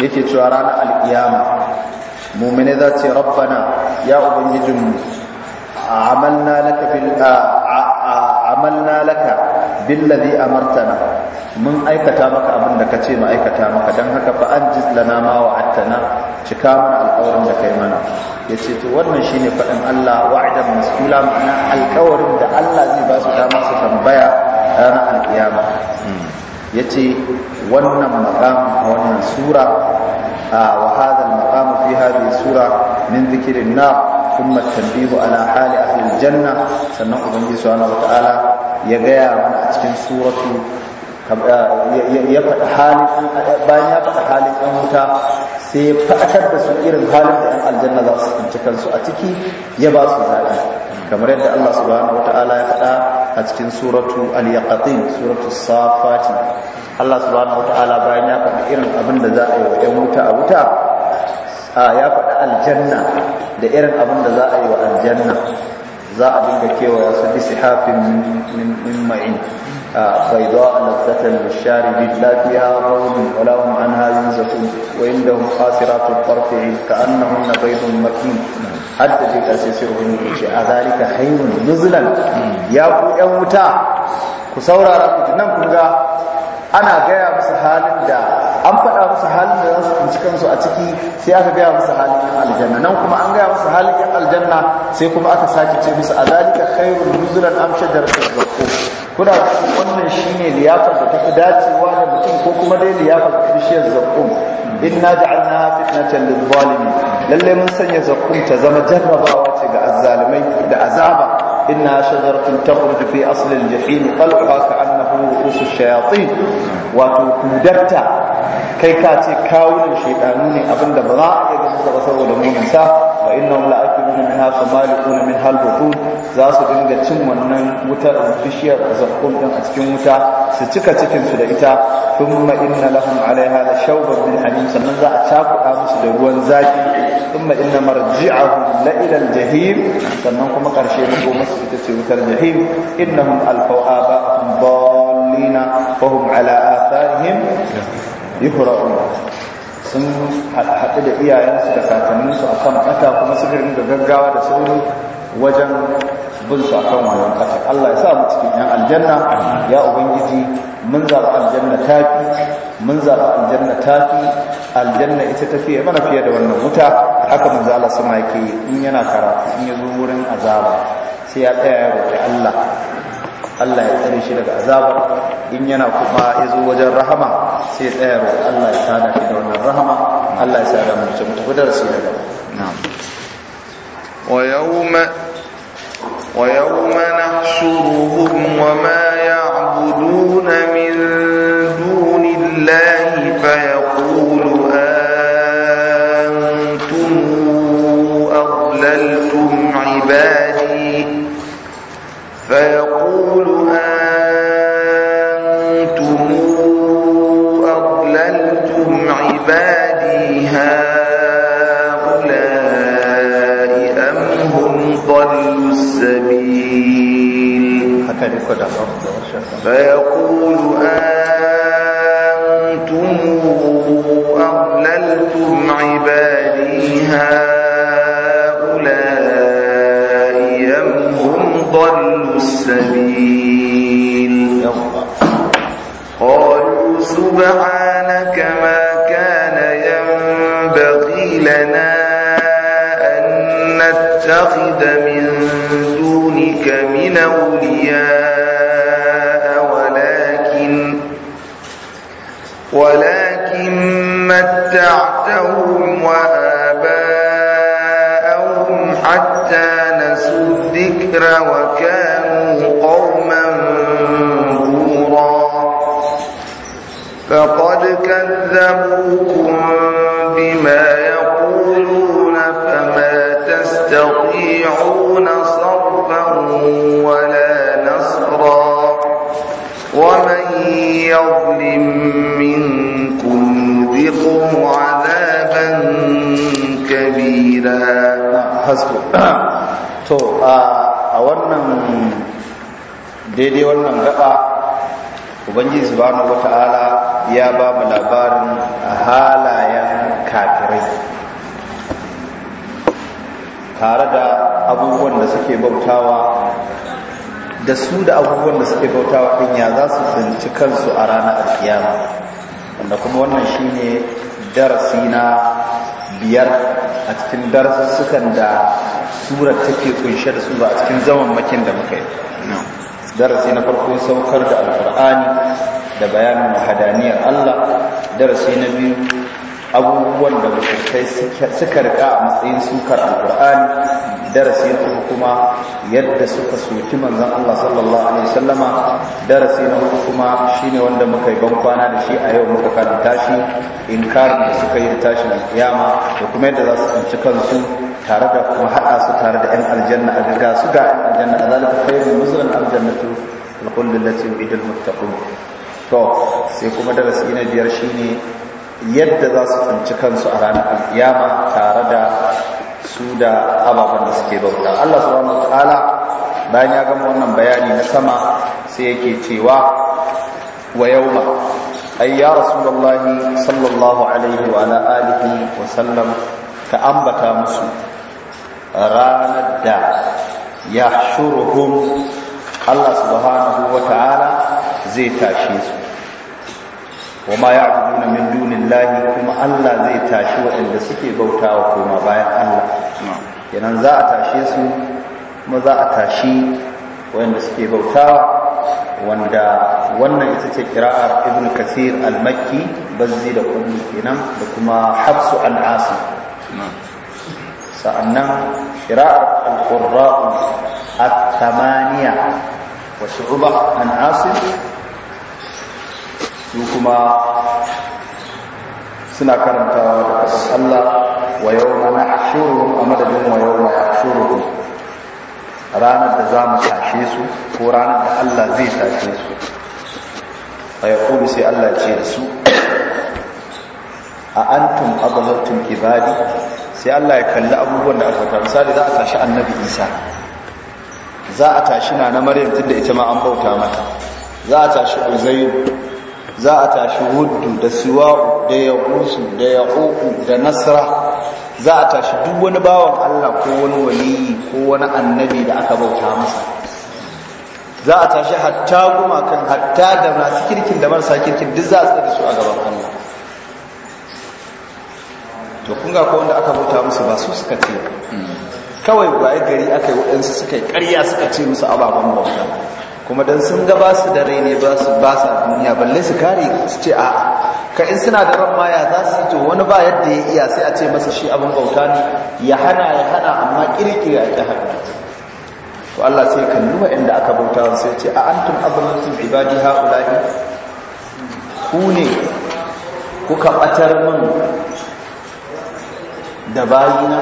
yake cewa ranar alƙiyama mumine za ce rabbana ya ubangijin amalna laka bil amalna laka billazi amartana mun aikata maka abin da ka ce ma'aikata aikata maka don haka fa an jislana ma wa'attana cika mana alƙawarin da kai mana ya ce to wannan shine faɗin Allah wa'adan mas'ula ma'ana alƙawarin da Allah zai ba su dama su tambaya ranar alƙiyama ya ce wannan maƙam a wannan sura a wahadar maƙam fi hadhihi sura min zikirin na ثم التنبيه على حال sannan الجنة سنقوم به سبحانه وتعالى يجاء a cikin سورة ya faɗi halin bayan ya faɗa halin yan wuta sai ya faɗakar da su irin halin da yan aljanna za su tsinci kansu a ciki ya ba su zaɗi kamar yadda Allah subhanahu wata'ala ya faɗa a cikin suratu al-yaqatin suratu safati Allah subhanahu wata'ala bayan ya faɗi irin abin da za a yi wa ɗan wuta a wuta ya faɗi aljanna da irin abin da za a yi wa aljanna za a dinga kewaya su bisi hafin min ma'in bai zuwa a lafzatar lushari bin lafiya rawunin walawun an hajin zafi wa inda hun fasira ta farfe ka an na hunna bai hun maki hadda ce ƙarshe shi ruhun ya ce a zalika hanyar muzlan. ya ku wuta ku saurara ku nan kun ana gaya musu halin da an faɗa musu halin da za su kansu a ciki sai aka gaya musu halin yan aljanna nan kuma an gaya musu halin yan aljanna sai kuma aka sake ce musu a zalika khairun nuzulan am shajaratul zaqqum kuna wannan shine liyafar da tafi dacewa da mutum ko kuma dai liyafar da bishiyar zaqqum inna ja'alnaha fitnatan lil zalimin lalle mun sanya zaqqum ta zama jarrabawa ce ga azzalimai da azaba إنها شجرة تخرج في أصل الجحيم طلعها كأنه رؤوس الشياطين وتودرت kai ka ce kawunan shaidanu ne abinda ba za a iya ganin ba saboda muninsa wa innahum la'akiluna minha famalikuna min halbutun za su dinga cin wannan wutar bishiyar zakkun din a cikin wuta su cika cikin su da ita thumma inna lahum alaiha la shawban min hamim sannan za a cakuɗa musu da ruwan zafi thumma inna marji'ahum la ila al-jahim sannan kuma karshe muku musu ita ce wutar jahim innahum alfa'aba dallina fahum ala atharihim yi sun haɗu da iyayensu da kakanninsu a kan mata kuma suka ringa gaggawa da sauri wajen bin su a kan wannan ƙasa Allah ya sa mu cikin ‘yan aljanna ya ubangiji mun zaba aljanna tafi mun zaba aljanna tafi aljanna ita ta fiye mana fiye da wannan wuta haka mun zala sama yake in yana karatu in ya zo wurin azaba sai ya tsaya ya roƙi Allah Allah ya tsare shi daga azaba in yana kuma ya zo wajen rahama sai tsaya ba Allah ya sada shi da wannan rahama Allah ya sada mu ce mutu da rasu daga na'am wa yawma wa yawma nahshuruhum wa ma ya'buduna min dunillahi É, daidai wannan gaba ubangiji subhanahu wata'ala ya ba mu labarin halayen kafirai tare da abubuwan da suke bautawa da su da abubuwan da suke bautawa ɗinya ya za su tsinci kansu a ranar alkiyama wanda kuma wannan shine darasi na biyar a cikin sukan da surar take kunshe da su ba a cikin zaman makin da muka yi darasi na farko saukar da alkur'ani da bayanin wahadaniyar Allah darasi na biyu abubuwan da musulkai suka rika a matsayin sukar alkur'ani darasi na uku kuma yadda suka soki manzon Allah sallallahu alaihi wasallama darasi na uku kuma shine wanda muka yi ban kwana da shi a yau muka tashi in inkarin da suka yi da tashin yama, da kuma yadda za su kansu tare da kuma haɗa su tare da 'yan aljanna a gaga su ga 'yan aljanna a zalika khairu nuzulun aljannatu lati allati yu'idul muttaqun to sai kuma darasi na biyar shine yadda za su tsinci kansu a ranar alkiyama tare da su da ababen da suke bauta Allah subhanahu wataala bayan ya gama wannan bayani na sama sai yake cewa wa yawma ay ya rasulullahi sallallahu alaihi wa ala alihi wa sallam ta ambata musu ranar da ya shuruhun Allah subhanahu wa ta'ala zai tashe su wa ma ya abubuwa min dunin lahi kuma Allah zai tashi waɗanda suke bauta wa koma bayan Allah yanan za a tashe su kuma za a tashi waɗanda suke bautawa wanda wannan ita ce kira'ar ibn kasir al-makki bazzi da kullu kenan da kuma hafsu al asir sa'annan qira'at al-qurra'u at-thamaniya wa shu'ba an asim su kuma suna karantawa da kasar Allah wa yawma nahshuruhum a madadin wa yawma yahshuruhum ranar da za mu tashe su ko ranar da Allah zai tashe su fa yaqulu sai Allah ce da su a antum abghadtum ibadi sai Allah ya kalli abubuwan da aka tarsa misali za a tashi annabi isa za a tashi na na maryam da ita ma an bauta mata za a tashi uzairu za a tashi hudu da siwa'u da yaqusu da yaquku da nasra za a tashi duk wani bawan Allah ko wani waliyi ko wani annabi da aka bauta masa za a tashi hatta gumakan hatta da masu kirkin da marasa kirkin duk za a tsada su a gaban Allah to kun ga ko wanda aka bauta musu ba su suka ce kawai waye gari aka yi waɗansu suka yi ƙarya suka ce musu ababen bauta kuma don sun ga basu su da rai ne ba su duniya balle su kare su ce a ka in suna da ran maya za su to wani ba yadda ya iya sai a ce masa shi abin bauta ne ya hana ya hana amma kirkira ya ƙi hana to Allah sai kalli inda aka bauta sai ce a antum abulatum ibadi haula'i ku ne kuka ɓatar min da bayina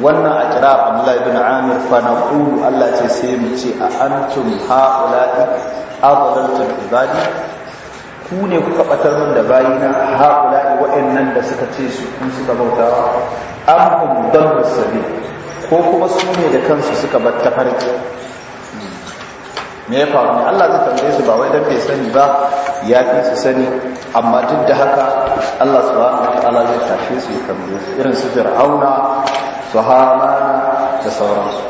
wannan a kira abdullahi ibn amir fa na, naqulu Allah ce sai mu ce a antum haula'i adlaltum ibadi ku ne kuka kabatar min da bayina haula'i wa'annan da suka ce su kun suka bauta? am kun dallu sabil ko kuma su ne da kansu suka batta farki me ya faru ne Allah zai tambaye su ba wai dan bai sani ba ya fi su sani amma duk da haka Allah subhanahu wataala zai tashi su kan su irin su fir'auna su hama da sauransu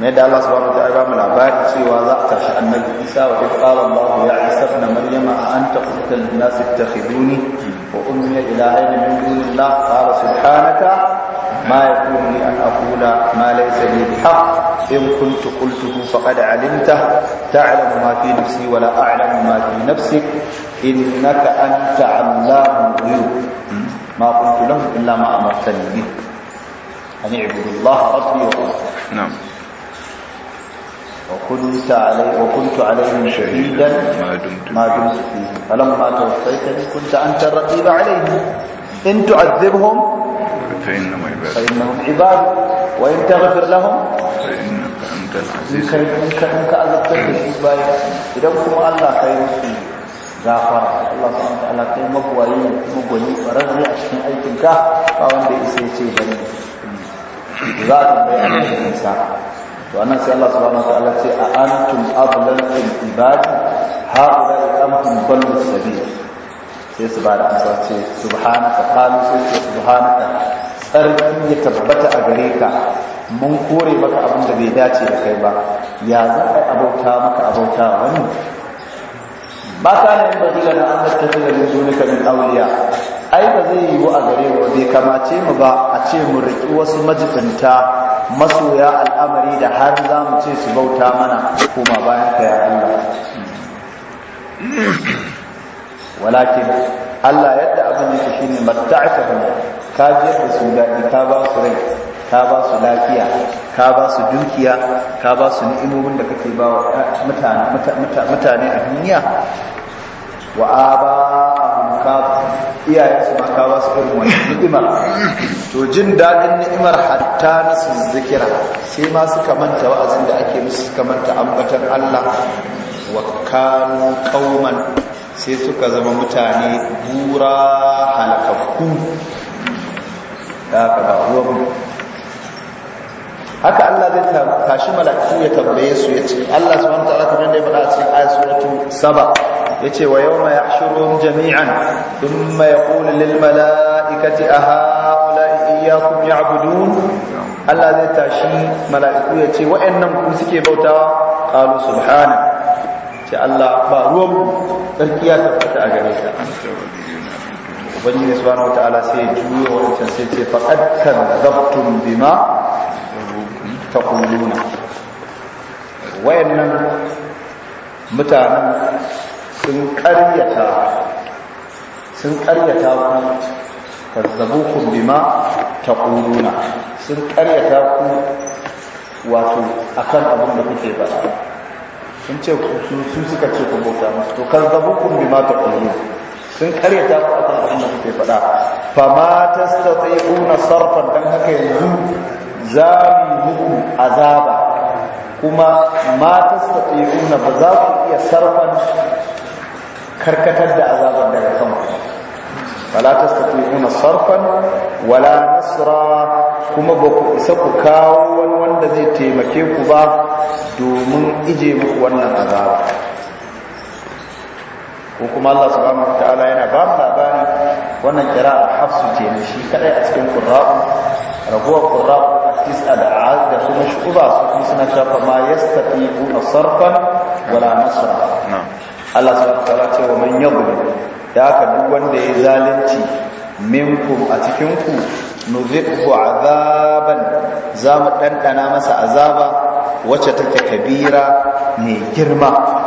me da Allah subhanahu wataala ba mu labari cewa za a tashi annabi Isa wa idh qala Allah ya Isa ibn Maryam a anta qulta lin nas ittakhiduni wa ummi ilahayn min dunillah qala subhanaka ما يكون لي أن أقول ما ليس لي بحق إن كنت قلته فقد علمته تعلم ما في نفسي ولا أعلم ما في نفسك إنك أنت علام الغيوب ما قلت لهم إلا ما أمرتني به أن يعبد الله ربي وربكم نعم وكنت علي وكنت عليهم شهيدا ما دمت ما دمت فيه فلما توفيتني كنت أنت الرقيب عليهم إن تعذبهم فإنهم عباد فإنهم عباد وإن تغفر لهم فإنك أنت العزيز إنك إنك أذبت الشباب إذا كما الله خير gafara Allah ta ta'ala kai magwayi magwani ƙwararre a cikin aikinka ba wanda ya sai ce bane za a tambayi annabi Musa to anan sai Allah subhanahu wataala ce a antum ablantum ibad haula antum ballu sabil sai su ba da amsa tsarki ya tabbata a gare ka mun kore maka abin da bai dace da kai ba ya za a abauta maka abauta wani ba ta na ba bagila na an tattafi da ka min auliya ai ba zai yi wa a gare wa bai kamace mu ba a ce mu riƙi wasu majibinta masoya al'amari da har za mu ce su bauta mana koma bayan ka ya Allah walakin Allah yadda abin yake shine matta'atuhum ka jiyar da su daɗi ka ba su rai ka ba su lafiya ka ba su dukiya ka ba su ni'imomin da kake ba wa mutane a duniya wa aba ka iyayensu ma ka ba su irin wani ni'imar to jin daɗin ni'imar hatta na su zikira sai ma suka manta wa'azin da ake musu suka manta ambatan Allah wa kanu qauman sai suka zama mutane bura halakakku da aka ba'uwa mu haka Allah zai tashi mala'iku ya tambaye su ya ce Allah subhanahu ta'ala kamar da ya faɗa a cikin ayat suratu saba ce wa yau ma ya shiru jami'an ya yaqulu lil mala'ikati a kuma ya abudu Allah zai tashi mala'iku ya ce wa'annan ku suke bautawa qalu subhana sai Allah ba ruwan tsarki ya tabbata a gare ka ubangiji subhanahu wataala sai juyo wancan sai ce faqad kadzabtum bima taquluna wayannan mutanen sun ƙaryata sun ƙaryata ku kazzabukum bima taquluna sun ƙaryata ku wato akan abin da kuke faɗa sun ce su suka ce ku bauta musu to kazzabukum bima taqulun sun karyata ku akan abin da kuke faɗa fa ma tastati'una sarfan dan haka yanzu za mu muku azaba kuma ma tastati'una ba za ku iya sarfan karkatar da azaban daga kanku wala tastati'una sarfan wala nasra kuma ba ku isa ku kawo wani wanda zai taimake ku ba domin ije muku wannan azaba ko kuma Allah subhanahu wataala yana ba mu labari wannan kira hafsu ce ne shi kadai a cikin qurra'u raguwar qurra'u tis da da kuma shuba su kuma shafa ma yastati'u sarfan wala nasra Allah subhanahu wataala ce wa man yadhlim da haka duk wanda ya zalunci minkum a cikinku nuziqhu azaban za mu dandana masa azaba wacce take kabira ne girma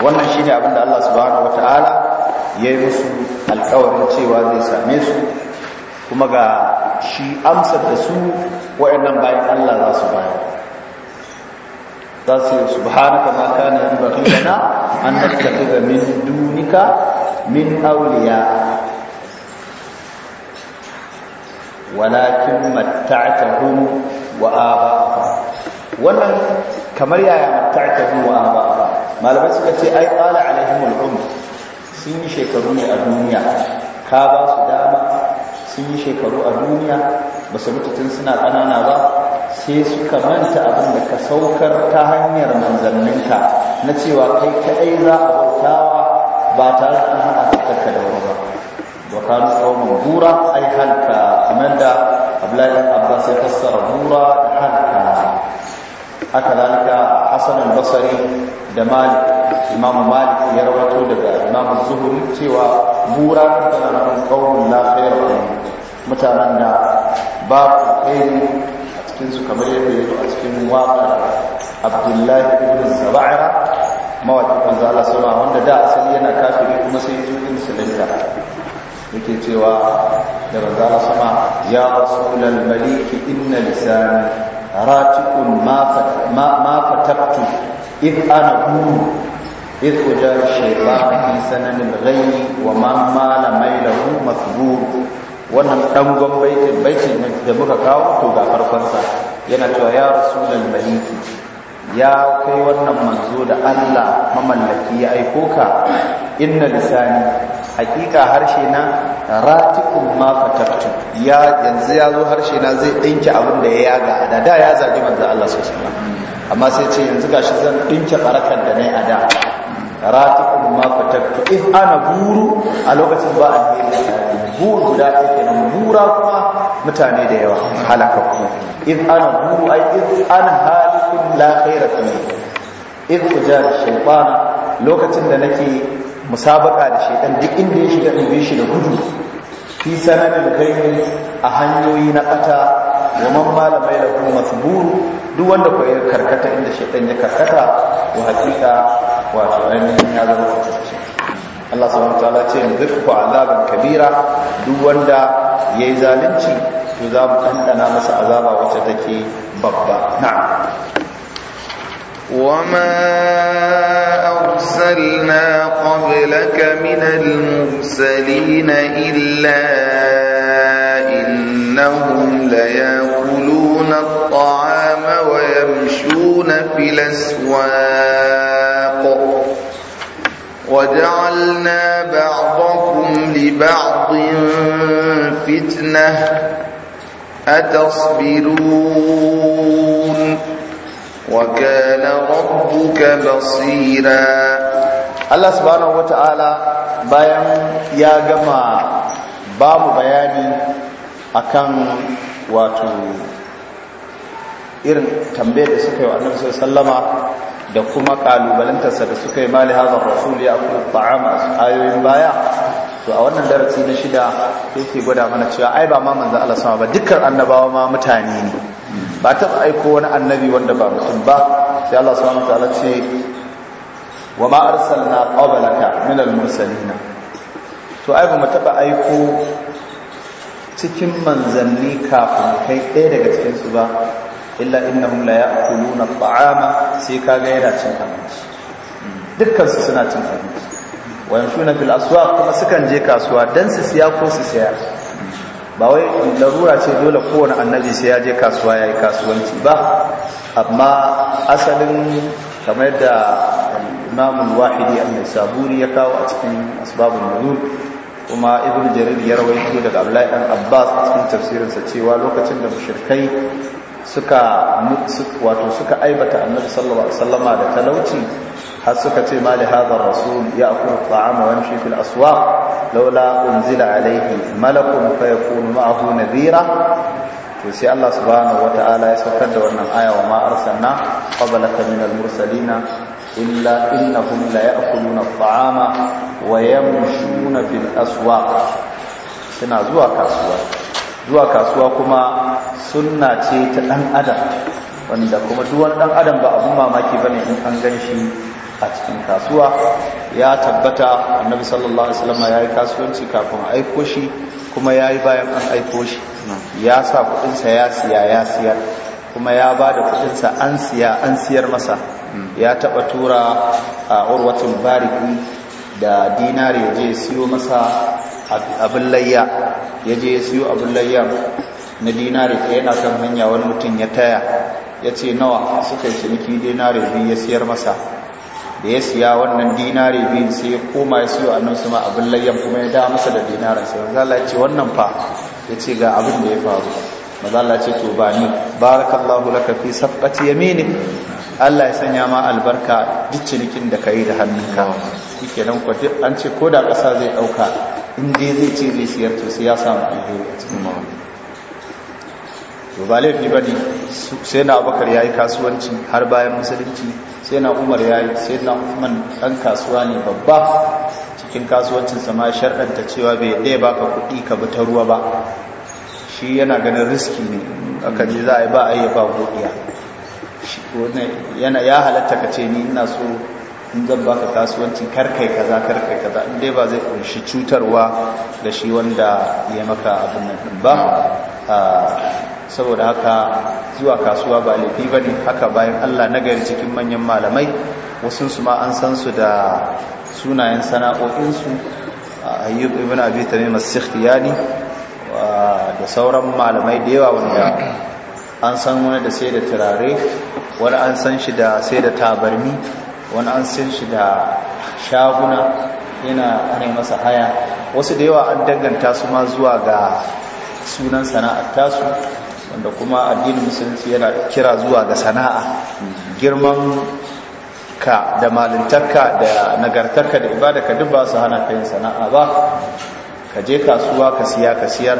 wannan shine abin da Allah subhanahu wataala yayi musu alƙawarin cewa zai same su kuma ga shi amsar da su waɗannan bayan Allah za su bayar Zasu su yi subhanaka ma kana yin baki lana an nattakhidha min dunika min awliya walakin matta'tahum wa aba'ahum wannan kamar yaya matta'tahum wa aba'ahum malamai suka ce ai qala alaihim al sun yi shekaru ne a duniya ka ba su dama sun yi shekaru a duniya ba su mutu tun suna ƙanana ba sai suka manta abin da ka saukar ta hanyar manzanninka na cewa kai kaɗai za a bautawa ba tare da hana ka da wani ba wa kanu qauman ai halka nan da abdullahi abbas ya fassara bura da haka zalika hasan al-basri da malik imam malik ya rawato daga imam zuhuri cewa bura tana nufin kaumun la mutanen da babu kai a cikin su kamar yadda yake a cikin waƙar abdullahi ibn zaba'ira mawaƙin kan zalasa wanda da asali yana kafiri kuma sai yin zo yake cewa da manzala sama ya rasulal maliki inna lisani ratikun ma fataktu id ana huru id kujar shaitan fi sananin ghayi wa man mala mailahu masbur wannan dangon baitin baitin da muka kawo to ga sa, yana cewa ya rasulal maliki ya kai wannan manzo da Allah mamallaki ya aiko ka inna lisani hakika harshe na ratikum ma fataktu ya yanzu ya zo harshe na zai dinki abin da ya yaga da da ya zaji manzo Allah wasallam amma sai ce yanzu gashi zan dinki barakan da na yi a da ratikun ma fataktu in ana buru a lokacin ba yi buru guda take kenan bura kuma mutane da yawa ku in ana buru ai in ana halikum la in ku ja ujar shaytan lokacin da nake musabaka da shaidan duk inda ya shiga ɗube shi da gudu fi sananin gaini a hanyoyi na ƙata wa man malamai da kuma buru, duk wanda kwaye karkata inda shaidan ya karkata wa hakika wato ainihin ya zama kwatacce Allah subhanahu wataala ce mu zikku azaban kabira duk wanda yayi zalunci to za mu kankana masa azaba wacce take babba na'am وما أرسلنا قبلك من المرسلين إلا إنهم ليأكلون الطعام ويمشون في الأسواق وجعلنا بعضكم لبعض فتنة أتصبرون وكان ربك Allah subhanahu wa ta'ala bayan ya gama babu bayani akan wato irin tambayar da suka yi wa annabi sallama da kuma kalubalantarsa da suka yi mali hazar rasuli a kuma ta'ama ayoyin baya to a wannan darasi na shida yake gwada mana cewa ai ba ma manzo Allah sama ba dukkan annabawa ma mutane ne ba ta aiko wani annabi wanda ba mutum ba sai Allah subhanahu wataala ce wa ma arsalna qablaka min al mursalina to ai ba mu taba aiko cikin manzanni kafin kai ɗaya daga cikin su ba illa innahum la ya'kuluna at-ta'ama sai kaga yana cin abinci dukkan su suna cin abinci wa yamshuna fil aswaq kuma sukan je kasuwa dan su siya ko su siya ba wai larura ce dole kowane annabi sai ya je kasuwa ya yi kasuwanci ba amma asalin kamar yadda imamun wahidi annai saburi ya kawo a cikin asibabin nuzul kuma ibn jarir ya rawaito daga abdullahi dan abbas a cikin tafsirinsa cewa lokacin da mashirkai suka wato suka aibata annabi sallallahu alaihi wasallama da talauci har suka ce ma lihazar rasul ya'kulu at'ama wa yamshi fil aswaq laula unzila alaihi malakun fayakunu ma'ahu nadhira to sai Allah subhanahu wata'ala ya saukar da wannan aya wa ma arsalna qablaka min al-mursalina illa innahum la ya'kuluna at'ama wa yamshuna fil aswaq suna zuwa kasuwa zuwa kasuwa kuma sunna ce ta dan adam wanda kuma duwan dan adam ba abun mamaki bane in an ganshi. shi a cikin kasuwa ya tabbata annabi sallallahu alaihi wasallam ya yi kasuwanci kafin aiko shi kuma ya yi bayan an aiko shi ya sa sa ya siya ya siyar kuma ya ba da sa an siya an siyar masa ya taba tura a urwatin bariki da dinari ya je siyo masa abin layya ya je siyo abin layya na dinari ta yana kan hanya wani mutum ya taya ya ce nawa suka yi ciniki dinari biyu ya siyar masa da ya siya wannan dinari biyu sai ya koma ya siyo annan su ma abin layyan kuma ya da masa da dinarin sai mazala ce wannan fa ya ce ga abin da ya faru mazala ce to ba ni barakallahu laka fi sabqati yaminik Allah ya sanya ma albarka duk cinikin da kai da hannunka nan ko duk an ce ko da ƙasa zai ɗauka in dai zai ce zai siyar to sai ya samu alheri a cikin mawani to ba laifi ba ne sai na abokar ya yi kasuwanci har bayan musulunci sai na umar ya yi sai na umar ɗan kasuwa ne babba cikin kasuwancinsa ma sharɗanta cewa bai ɗaya ba ka kuɗi ka bi ta ruwa ba shi yana ganin riski ne aka ji za a yi ba a yi ba godiya yana ya halatta ka ce ni ina so in zan baka kasuwanci karkai kaza karkai kaza in dai ba zai kunshi cutarwa da shi wanda ya maka abin nan ba ah, saboda haka zuwa kasuwa ba laifi ba ne haka bayan allah na nagari cikin manyan malamai wasu su ma an san su da sunayen sana'o'insu a ayyub ibn abi tamim as-sikhtiyani da sauran malamai da yawa wanda an san wani da sai da turare wani an san shi da sai da tabarmi wani an san shi da shaguna yana ana masa haya wasu da yawa an danganta su ma zuwa ga sunan sana'ar tasu wanda kuma addinin musulunci yana kira zuwa ga sana'a girman ka da malintarka da nagartarka da ibada duk ba su hana ka yin sana'a ba ka je kasuwa ka siya ka siyar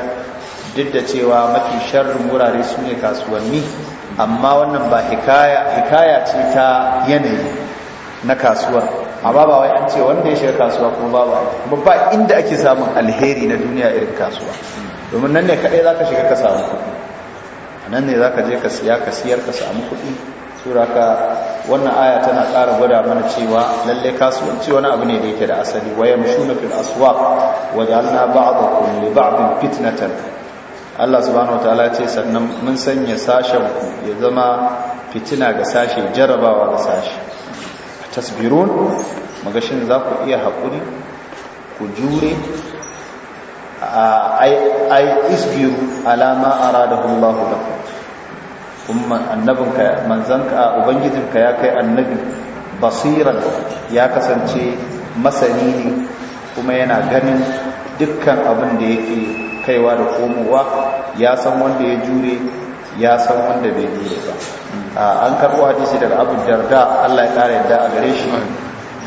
duk da cewa mafi sharrin wurare su ne kasuwanni amma wannan ba hikaya ce ta yanayi na kasuwar amma ba wai an ce wanda ya shiga kasuwa ko ba ba ba inda ake samun alheri na duniya irin kasuwa domin nan ne kaɗai za ka shiga ka samu kuɗi nan ne za ka je ka siya ka siyar ka samu kuɗi sura ka wannan aya tana ƙara gwada mana cewa lalle kasuwanci wani abu ne da yake da asali waya mashuna fil aswaq wa ja'alna ba'dakum li ba'din fitnatan Allah subhanahu wataala ce sannan mun sanya sashen ku ya zama fitina ga sashe jarabawa ga sashe tasbirun magashin za ku iya haƙuri ku jure a ai isbiru alama aradahullahu lakum kuma annabinka manzanka ubangijinka ya kai annabi basiran ya kasance masani ne kuma yana ganin dukkan abin da yake kaiwa da komowa ya san wanda ya jure ya san wanda bai jure ba an karɓo hadisi daga abu darda allah ya kare yadda a gare shi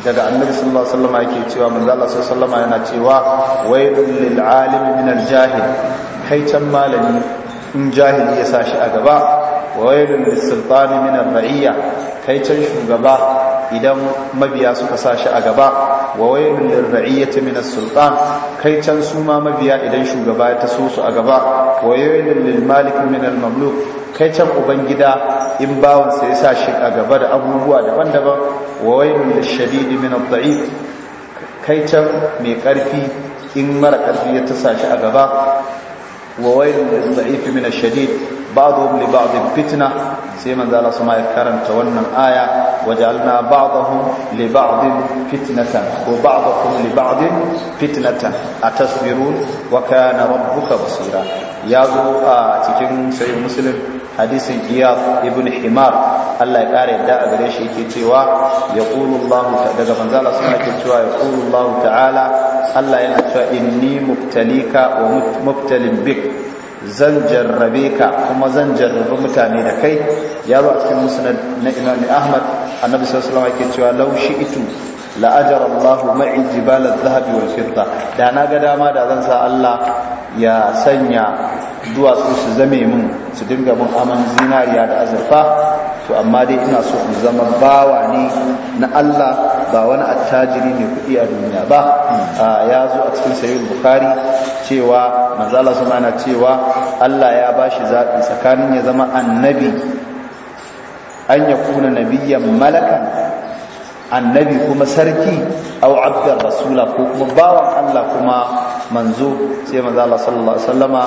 daga annabi sallallahu alaihi wasallam yake cewa manzo Allah sallallahu alaihi yana cewa waylul lil alim min al jahil kai can malami in jahili ya sashi a gaba wawailun da min ar ra'iya? kai can shugaba idan mabiya suka sa shi a gaba wawailun lirra'iyyati ta mina sultan kai can su ma mabiya idan shugaba ya taso su a gaba wawailun lil malik min al-mamluk kai can ubangida in bawon sa ya sa shi a gaba da abubuwa daban-daban wawailun lishadid min ad-da'if kai can mai karfi in mara karfi ya tasa shi a gaba wawailun lil da min ash-shadid ba'dhum li ba'dhin fitna sai manzo Allah sama ya karanta wannan aya waja'alna ba'dahum li ko ba'dakum li ba'dhin fitnatan atasbirun wa rabbuka basira yazo a cikin sahih muslim hadisin iyad ibn himar Allah ya kare yadda a gare shi yake cewa yaqulu Allah daga manzo Allah sama ta'ala Allah yana cewa inni mubtalika wa mubtalin bik zan jarrabe ka kuma zan jarrabe mutane da kai ya zo a cikin musnad na imam ahmad annabi sallallahu alaihi wasallam cewa law itu. la ajara allah ma'i jibal adh-dhahab wal fidda da na ga dama da zan sa allah ya sanya duwatsu su zame mun su dinga mun aman zinariya da azurfa to amma dai ina so in zama bawa ne na Allah ba wani attajiri mai kuɗi a duniya ba ya zo a cikin sayyid bukhari cewa manzo Allah sama cewa Allah ya ba shi zaɓi tsakanin ya zama annabi an ya kuna nabiyyan malakan annabi kuma sarki au abdar rasula ko kuma bawan Allah kuma manzo sai manzo Allah sallallahu alaihi wasallama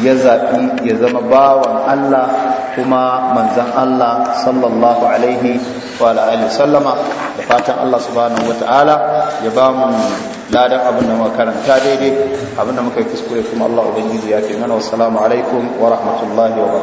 ya zabi ya zama bawan Allah kuma manzon Allah sallallahu alaihi wa alihi sallama da fatan Allah subhanahu wataala ya ba mu ladan abin da muka karanta daidai abin da muka yi kuskure kuma Allah ubangiji ya fi mana assalamu alaikum wa rahmatullahi wa